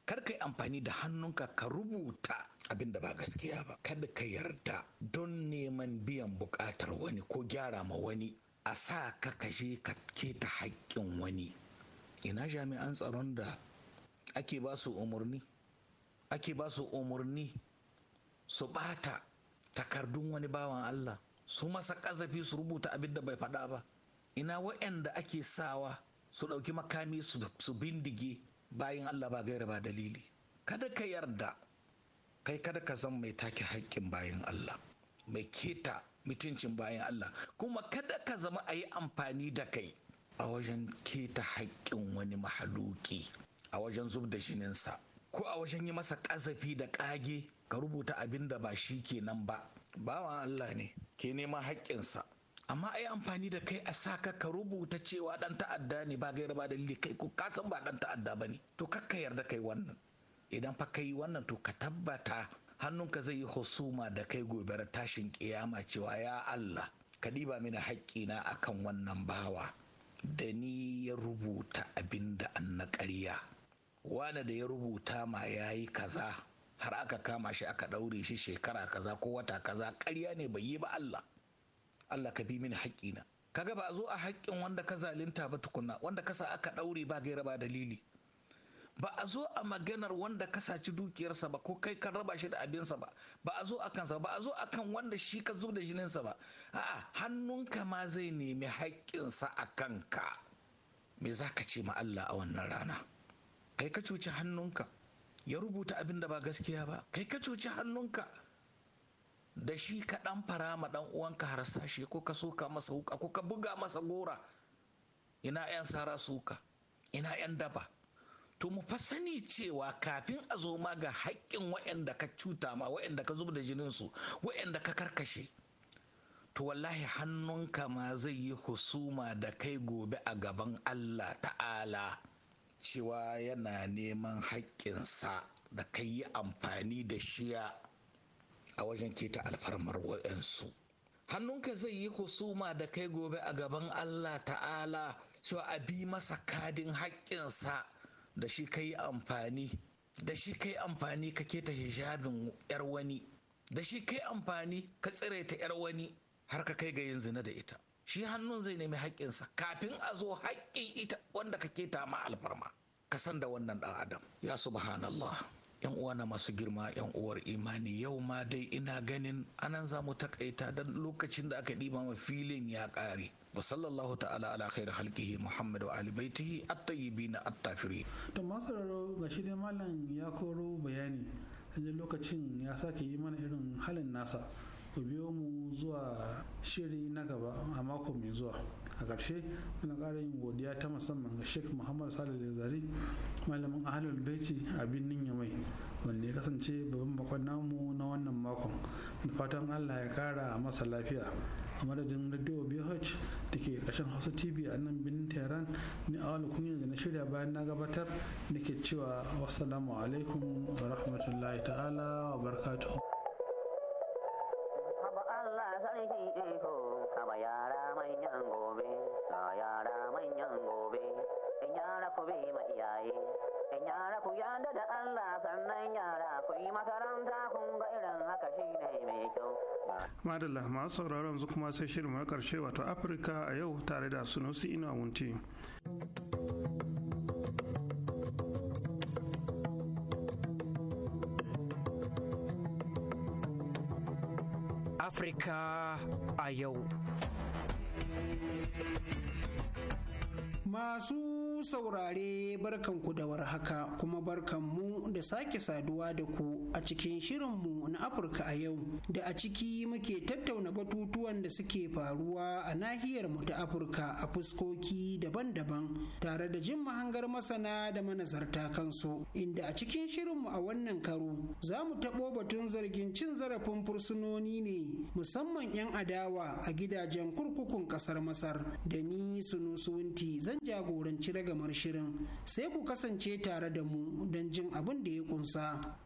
kar ka yi amfani da hannunka ka rubuta abin da ba gaskiya ba kada ka yarda don neman biyan buƙatar wani ko gyara ma wani a sa ka kashe ka keta haƙƙin wani ina jami'an tsaron da ake ba su umarni ake ba su umarni su ɓata takardun wani bawan Allah su masa kazafi su rubuta abin da bai faɗa ba ina wa'anda ake sawa su ɗauki makami su bindige bayan allah ba gaira ba dalili kada ka yarda kai kada ka zan mai take haƙƙin bayan allah mai keta mutuncin bayan allah kuma kada ka zama a yi amfani da kai a wajen keta haƙƙin wani mahaluki a wajen zub da jininsa ko a wajen yi masa ƙazafi da ƙage ka rubuta abin da ba shi kenan ba bawan Allah ne ke neman haƙƙinsa amma ai amfani da kai a sa ka rubuta cewa dan ta'adda ne ba gaira ba dalili kai ko ka san ba dan ta'adda bane to kakka yarda kai wannan idan fa kai wannan to ka tabbata hannunka zai yi husuma da kai gobe tashin kiyama cewa ya Allah ka diba mini haƙƙina akan wannan bawa da ni ya rubuta abin da an na ƙarya wane da ya rubuta ma ya yi kaza har aka kama shi aka ɗaure shi shekara kaza ko wata kaza ƙarya ne bai yi ba Allah Allah ka bi mini haƙƙina kaga ba a zo a haƙƙin wanda ka zalunta ba tukunna wanda kasa aka ɗaure ba gaira ba dalili ba a zo a maganar wanda ka saci dukiyarsa ba ko kai kan raba shi da abinsa ba ba a zo a kansa ba a zo a kan wanda shi ka zo da jininsa ba a'a hannunka ma zai nemi haƙƙinsa a kanka me za ka ce ma Allah a wannan rana kai ka cuci hannunka ya rubuta abin da ba gaskiya ba kai ka cuci hannunka da shi ka ɗan fara ma ɗan uwanka harsashi ko ka soka masa wuka ko ka buga masa gora ina 'yan sara suka ina 'yan daba to mu fa cewa kafin a zo ma ga haƙƙin waɗanda ka cuta ma waɗanda ka zuba da jininsu waɗanda ka karkashe to wallahi hannunka ma zai yi husuma da kai gobe a gaban Allah ta'ala cewa yana neman haƙƙinsa da ka yi amfani da shiya a wajen keta alfarmar waɗansu hannunka zai yi husuma da kai gobe a gaban allah ta'ala cewa a bi masa kadin haƙƙinsa da shi ka yi amfani da shi ka yi amfani ka keta hijabin yar wani da shi ka yi amfani ka tsire yar wani har ka kai ga yin zina da ita shi hannun zai nemi haƙƙinsa kafin a zo haƙƙin ita wanda ka keta ma alfarma ka san da wannan ɗan adam ya subhanallah yan uwa na masu girma yan uwar imani yau ma dai ina ganin anan za mu takaita dan lokacin da aka ɗiba ma filin ya ƙare wa sallallahu ta'ala ala khair halkihi muhammad wa ali baitihi at-tayyibin at-tafirin to ga shi dai malam ya koro bayani lokacin ya sake yi mana irin halin nasa ku biyo mu zuwa shiri na gaba a mako mai zuwa a ƙarshe muna ƙara yin godiya ta musamman ga sheikh muhammad salih zari malamin ahalul baiti a birnin yamai wanda ya kasance babban bakon namu na wannan makon da fatan allah ya ƙara masa lafiya a madadin radio bh da ke ƙarshen hausa tv a nan birnin tehran ni a wani kunya da na shirya bayan na gabatar da ke cewa wasu alaikum wa rahmatullahi ta'ala wa barakatuhu sarki iko kaba yara manyan gobe ka yara manyan gobe in yara ku bi ma iyaye in yara ku yada da Allah sannan yara ku yi makaranta kun ga irin haka shine mai kyau madalla masu sauraron yanzu kuma sai shirin na karshe wato afirka a yau tare da sunusi ina wunti Afirka a yau. Masu masu saurare ku da warhaka kuma barkanmu da sake saduwa da ku a cikin shirinmu na Afirka a yau da a ciki muke tattauna batutuwan da suke faruwa a nahiyar mu ta Afirka a fuskoki daban-daban tare da jin mahangar masana da manazarta kansu inda a cikin shirinmu a wannan karo za mu taɓo batun zargin cin zarafin fursunoni ne musamman 'yan adawa a gidajen kurkukun ƙasar Masar da ni Sunusuwunti zan jagoranci daga gamar shirin sai ku kasance tare da mu don jin abin da ya kunsa.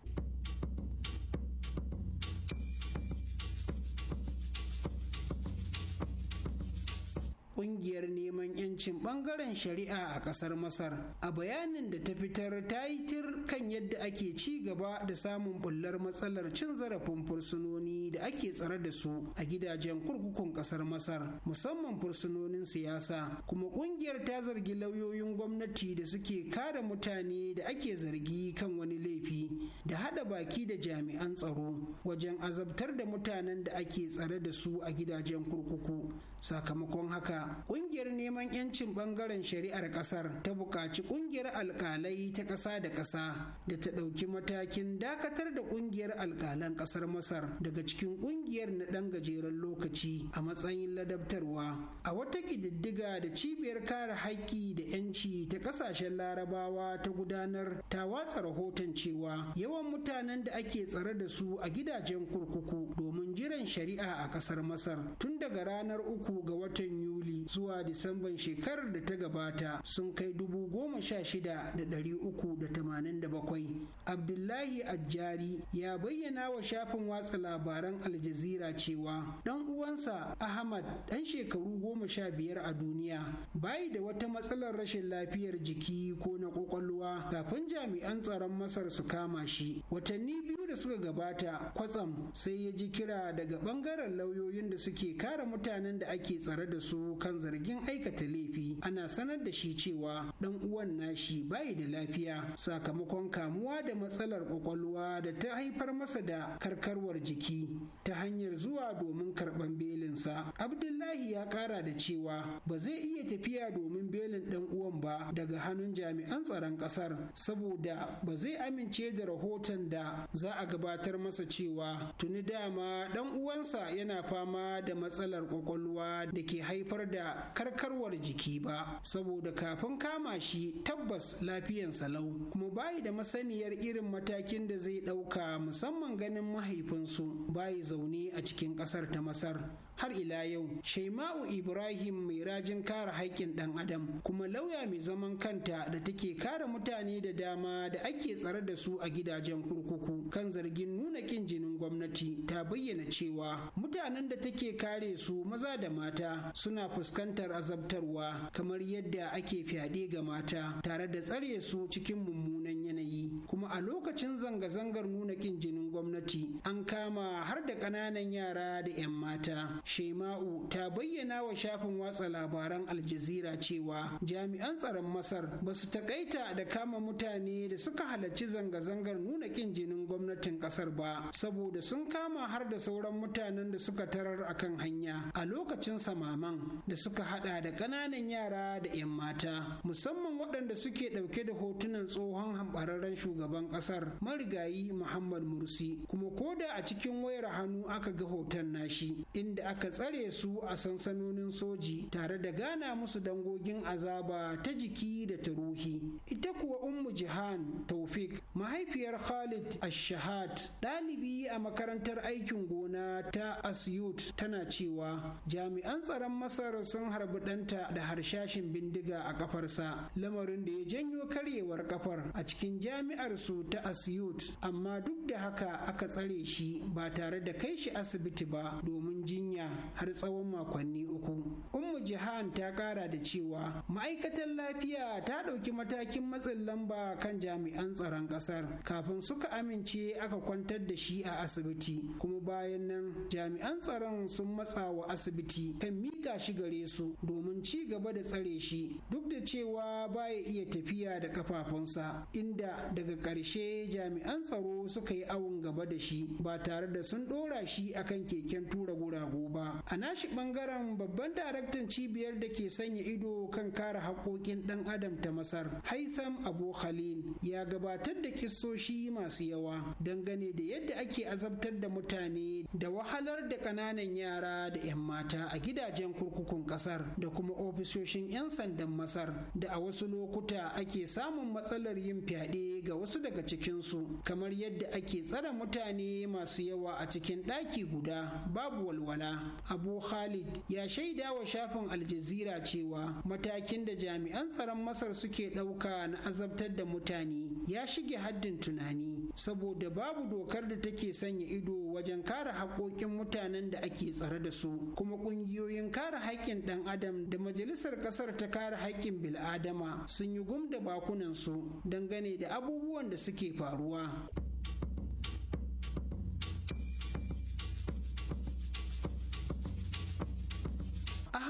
kungiyar neman yancin bangaren shari'a a kasar masar a bayanin da ta fitar ta yi tir kan yadda ake ci gaba da samun bullar matsalar cin zarafin fursunoni da ake tsare da su a gidajen kurkukun kasar masar musamman fursunonin siyasa kuma kungiyar ta zargi lauyoyin gwamnati da suke kare mutane da ake zargi kan wani laifi da hada baki da jami'an tsaro wajen azabtar da mutanen da ake tsare da su a gidajen kurkuku sakamakon haka kungiyar Ƙungiyar neman 'yancin ɓangaren shari'ar ƙasar ta buƙaci ƙungiyar alƙalai ta ƙasa da ƙasa da ta ɗauki matakin dakatar da ƙungiyar alƙalan ƙasar Masar daga cikin ƙungiyar na ɗan gajeren lokaci a matsayin ladabtarwa. A wata ƙididdiga da cibiyar kare haƙƙi da 'yanci ta ƙasashen Larabawa ta gudanar ta watsa rahoton cewa yawan mutanen da ake tsare da su a gidajen kurkuku domin jiran shari'a a ƙasar Masar tun daga ranar uku ga watan Yuli zuwa disamban shekarar da ta gabata sun kai dubu goma sha shida da ɗari uku da tamanin da bakwai abdullahi ajjari ya bayyana wa shafin watsa labaran aljazira cewa ɗan uwansa ahmad ɗan shekaru goma sha biyar a duniya bayi da wata matsalar rashin lafiyar jiki ko na ƙwaƙwalwa kafin jami'an tsaron masar su kama shi watanni biyu da suka gabata kwatsam sai ya ji kira daga bangaren lauyoyin da suke kare mutanen da ake tsare da su kan zargin aikata laifi ana sanar da shi cewa dan uwan nashi bayi da lafiya sakamakon kamuwa da matsalar kwakwalwa da ta haifar masa da karkarwar jiki ta hanyar zuwa domin karban belinsa abdullahi ya kara da cewa ba zai iya tafiya domin belin dan uwan ba daga hannun jami'an tsaron kasar saboda ba zai amince da rahoton da za a a gabatar masa cewa tuni dama ɗan uwansa yana fama da matsalar kwakwalwa da ke haifar da karkarwar jiki ba saboda kafin kama shi tabbas lafiyan salau kuma bayi da masaniyar irin matakin da zai ɗauka musamman ganin mahaifinsu bayi zaune a cikin ƙasar ta masar har ila yau shaima'u ibrahim mai rajin kare haƙƙin ɗan adam kuma lauya mai zaman kanta da take kare mutane da dama da ake tsare da su a gidajen kurkuku kan zargin nuna ƙin jinin gwamnati ta bayyana cewa mutanen da take kare su maza da mata suna fuskantar azabtarwa kamar yadda ake fyaɗe ga mata tare da tsare su cikin mummunan yanayi kuma a lokacin zanga-zangar nuna ƙin jinin gwamnati an kama har da ƙananan yara da 'yan mata shema'u ta bayyana wa shafin watsa labaran aljazira cewa jami'an tsaron masar ba su takaita da kama mutane da suka halarci zanga-zangar nuna kin jinin gwamnatin kasar ba saboda sun kama har da sauran mutanen da suka tarar a kan hanya a lokacin samaman da suka hada da ƙananan yara da 'yan mata musamman waɗanda suke ɗauke da hotunan tsohon hambararren shugaban ƙasar marigayi muhammad mursi kuma koda a cikin wayar hannu aka ga hoton nashi inda aka tsare su a sansanonin soji tare da gana musu dangogin azaba ta jiki da ta ruhi ita kuwa ummu jihan taufik mahaifiyar khalid ashahad Dalibi a makarantar aikin gona ta asyut tana cewa jami'an tsaron masar sun harbi ɗanta da harshashin bindiga a kafarsa lamarin da ya janyo karyewar kafar a cikin jami'ar su ta asyut amma duk da haka aka tsare shi ba tare da kai shi asibiti ba domin jinya duniya har tsawon makonni uku ummu jihan ta ƙara da cewa Ma'aikatan lafiya ta ɗauki matakin matsin lamba kan jami'an tsaron ƙasar kafin suka amince aka kwantar da shi a asibiti kuma bayan nan jami'an tsaron sun matsa wa asibiti kan miƙa shi gare su domin ci gaba da tsare shi duk da cewa baya iya tafiya da kafafunsa inda daga ƙarshe jami'an tsaro suka yi awon gaba da shi ba tare da sun ɗora shi akan keken tura guragu ba a nashi bangaren babban daraktan cibiyar da ke sanya ido kan kare haƙoƙin ɗan adam ta masar haitham abu khalil ya gabatar da kissoshi masu yawa dangane da yadda ake azabtar da mutane da wahalar da ƙananan yara da 'yan mata a gidajen kurkukun ƙasar da kuma ofisoshin 'yan sandan masar da a wasu lokuta ake samun matsalar yin fyaɗe ga wasu daga cikinsu kamar yadda ake tsare mutane masu yawa a cikin ɗaki guda babu walwala abu khalid ya shaida wa shafin aljazira cewa matakin da jami'an tsaron masar suke ɗauka na azabtar da mutane ya shige haddin tunani saboda babu dokar da take sanya ido wajen kare haƙoƙin mutanen da ake tsare da su kuma ƙungiyoyin kare haƙƙin ɗan adam da majalisar ƙasar ta kare haƙƙin bil'adama sun yi gum da su, dangane da abubuwan da suke faruwa.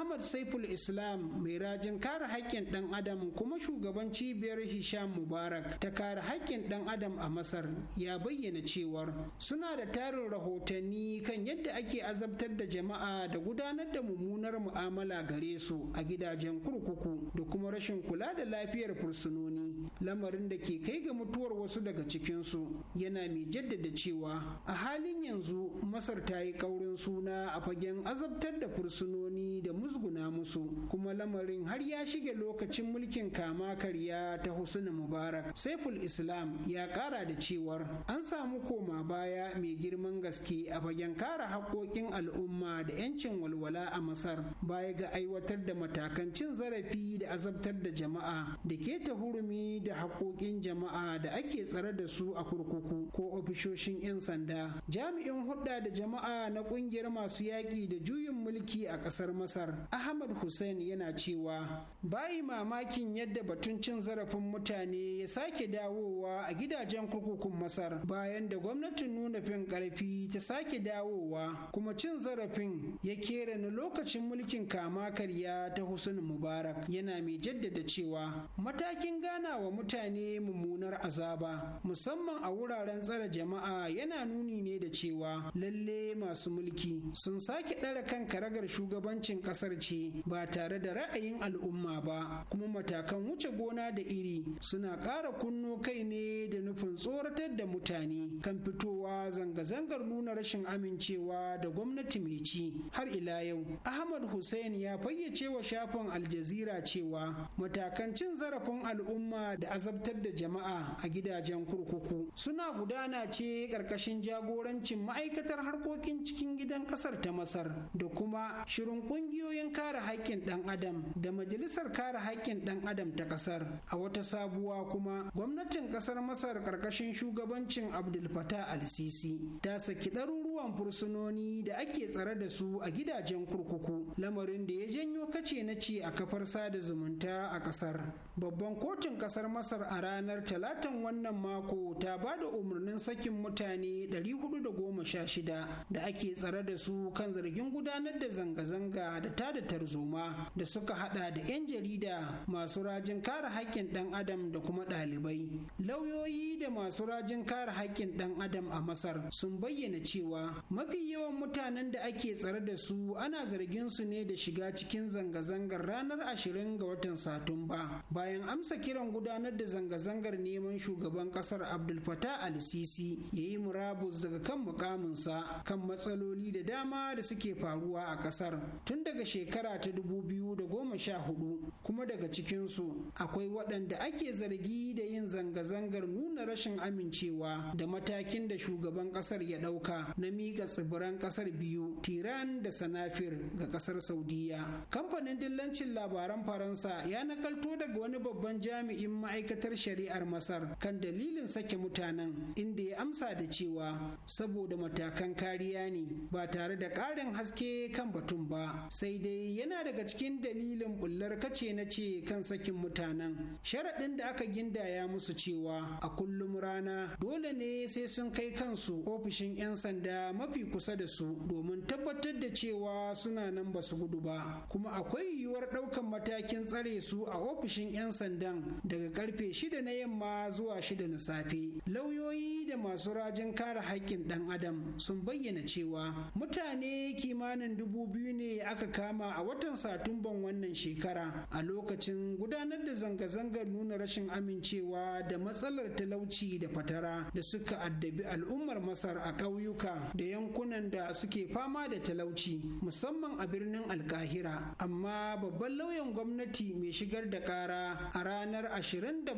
Muhammad Saiful Islam mai rajin kare haƙƙin ɗan adam kuma shugaban cibiyar Hisham Mubarak ta kare haƙƙin ɗan adam a Masar ya bayyana cewar suna da tarin rahotanni kan yadda ake azabtar da jama'a da gudanar da mummunar mu'amala gare su a gidajen kurkuku da kuma rashin kula da lafiyar fursunoni lamarin da ke kai ga mutuwar wasu daga cikinsu yana mai jaddada cewa a halin yanzu masar ta yi kaurin suna a fagen azabtar da fursunoni da musguna musu kuma lamarin har ya shige lokacin mulkin kama karya ta husna mubarak saiful islam ya kara da cewar an samu koma baya mai girman gaske a fagen kara haƙoƙin al'umma da 'yancin walwala a masar baya ga aiwatar da matakan cin zarafi da azabtar da jama'a da keta hurumi da haƙoƙin jama'a da ake tsare da su a kurkuku ko ofishoshin 'yan sanda jami'in hulɗa da jama'a na ƙungiyar masu yaƙi da juyin mulki a ƙasar masar ahmad hussein yana cewa bayi mamakin yadda batun cin zarafin mutane ya sake dawowa a gidajen kurkukun masar bayan da gwamnatin nuna fin ƙarfi ta sake dawowa kuma cin zarafin ya kera na lokacin mulkin kama karya ta hussein mubarak yana mai jaddada cewa matakin ganawa mutane mummunar azaba musamman a wuraren tsare jama'a yana nuni ne da cewa lalle masu mulki sun sake ɗara kan karagar shugabancin ƙasar ce ba tare da ra'ayin al'umma ba kuma matakan wuce gona da iri suna ƙara kunno kai ne da nufin tsoratar da mutane kan fitowa zanga-zangar nuna rashin amincewa da gwamnati mai ci har ila yau ahmad hussein ya fayyace wa shafin aljazira cewa matakan cin zarafin al'umma da azabtar da jama'a a gidajen kurkuku suna gudana ce ƙarƙashin jagorancin ma'aikatar harkokin cikin gidan ƙasar ta masar da kuma shirin ƙungiyoyin kare haƙƙin ɗan adam da majalisar kare haƙƙin ɗan adam ta ƙasar a wata sabuwa kuma gwamnatin ƙasar masar ƙarƙashin shugabancin abdul fatah al-sisi ta saki ɗaruruwa abubuwan fursunoni da ake tsare da su a gidajen kurkuku lamarin da ya janyo kace na ce a kafar sada zumunta a ƙasar babban kotun ƙasar masar a ranar talatan wannan mako ta ba da umarnin sakin mutane 416 da ake tsare da su kan zargin gudanar da zanga-zanga da tada tarzoma da suka hada da 'yan jarida masu rajin kare haƙƙin ɗan adam da kuma ɗalibai lauyoyi da masu rajin kare haƙƙin ɗan adam a masar sun bayyana cewa mafi yawan mutanen da ake tsare da su ana zargin su ne da shiga cikin zanga-zangar ranar 20 ga watan Satumba bayan amsa kiran gudanar da zanga-zangar neman shugaban kasar Abdul Fattah al-Sisi ya yi murabus daga kan mukaminsa kan matsaloli da dama da suke faruwa a kasar tun daga shekara ta 2014 kuma daga cikinsu akwai waɗanda ake zargi da yin zanga-zangar nuna rashin amincewa da matakin da shugaban ƙasar ya ɗauka na miƙa tsibiran ƙasar biyu tiran da sanafir ga ƙasar saudiya kamfanin dillancin labaran faransa ya nakalto daga wani babban jami'in ma'aikatar shari'ar masar kan dalilin sake mutanen inda ya amsa da cewa saboda matakan kariya ne ba tare da ƙarin haske kan batun ba sai dai yana daga cikin dalilin bullar kace na ce kan sakin mutanen sharaɗin da aka gindaya musu cewa a kullum rana dole ne sai sun kai kansu ofishin 'yan sanda mafi kusa da su domin tabbatar da cewa suna nan ba su gudu ba kuma akwai yiwuwar ɗaukan matakin tsare su a ofishin 'yan sandan daga karfe shida na yamma zuwa shida na safe lauyoyi da masu rajin kare haƙƙin ɗan adam sun bayyana cewa mutane kimanin dubu biyu ne aka kama a watan satumban wannan shekara a lokacin gudanar da zanga-zangar nuna rashin amincewa da matsalar talauci da fatara da suka addabi al'ummar masar a ƙauyuka da yankunan da suke fama da talauci musamman a birnin alkahira amma babban lauyan gwamnati mai shigar da kara a ranar 27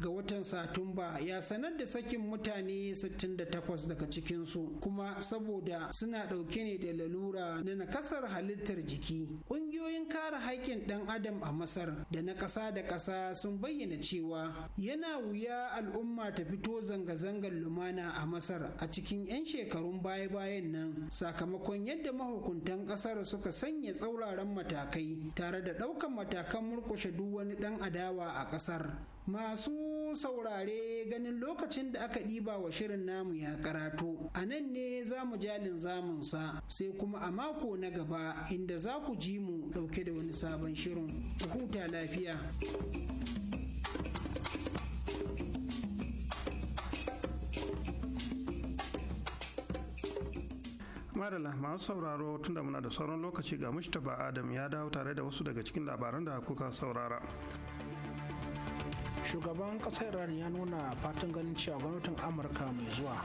ga watan satumba ya sanar da sakin mutane 68 daga cikinsu kuma saboda suna ɗauke ne da lalura na nakasar halittar jiki ƙungiyoyin kare haƙƙin ɗan adam a masar da na ƙasa da ƙasa sun bayyana cewa yana wuya al'umma ta fito zanga-zangar lumana a masar a cikin 'yan shekaru sa'o'in baya-bayan nan sakamakon yadda mahukuntan kasar suka sanya tsauraran matakai tare da ɗaukan matakan murkushe duk wani ɗan adawa a kasar Masu saurare ganin lokacin da aka ɗiba wa shirin namu ya karatu a nan ne za mu jalin zamunsa sai kuma a mako na gaba inda za ku ji mu ɗauke da wani sabon shirin. Ku huta lafiya. da masu sauraro tunda muna da sauran lokaci ga mustapha adam ya dawo tare da wasu daga cikin labaran da kuka saurara shugaban kasar iran ya nuna fatan ganin cewa gwamnatin amurka mai zuwa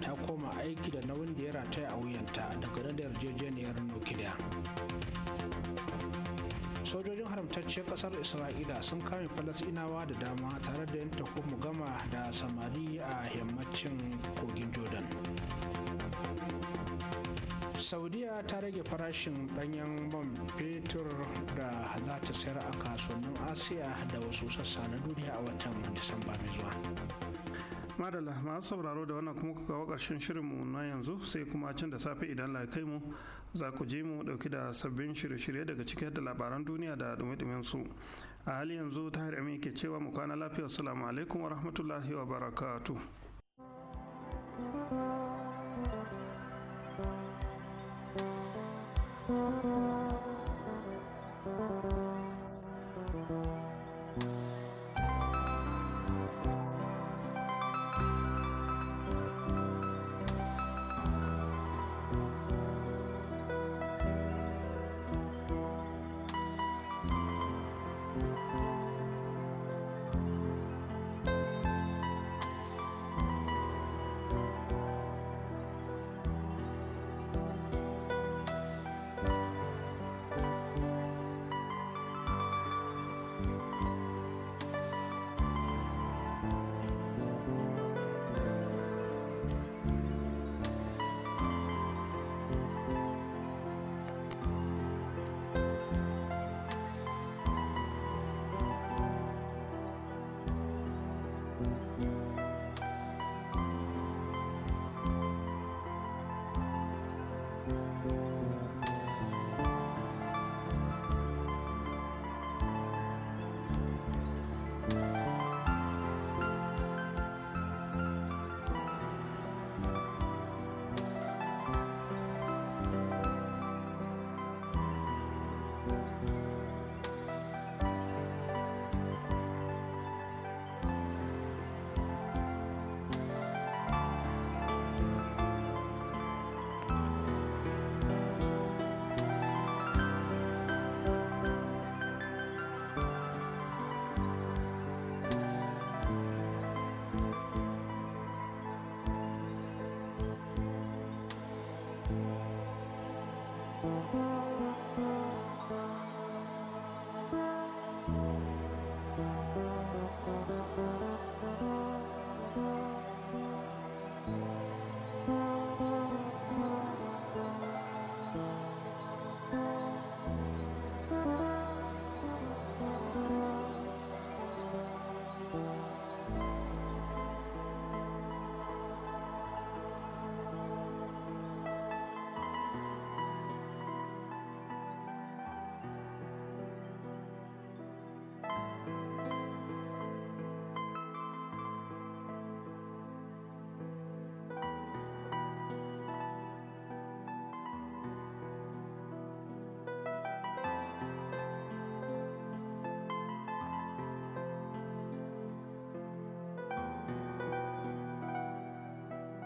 ta koma aiki da nauyin da ya rataya a wuyanta daga da yarjejeniyar nukiliya sojojin haramtacciyar kasar isra'ila sun kame falasinawa da dama tare da yanta gama da samari a yammacin kogin jordan saudiya ta rage farashin danyen man fetur da za ta sayar a kasuwannin asiya da wasu sassa na duniya a watan disamba mai zuwa madalla masu sauraro da wannan kuma kawo ƙarshen shirinmu na yanzu sai kuma can da safe idan kai mu za ku je mu dauki da sabbin shirye-shirye daga cikin da labaran duniya da dumi su a hali yanzu ta tahir amin ke cewa mu kwana lafiya assalamu alaikum wa rahmatullahi wa barakatuh Thank you.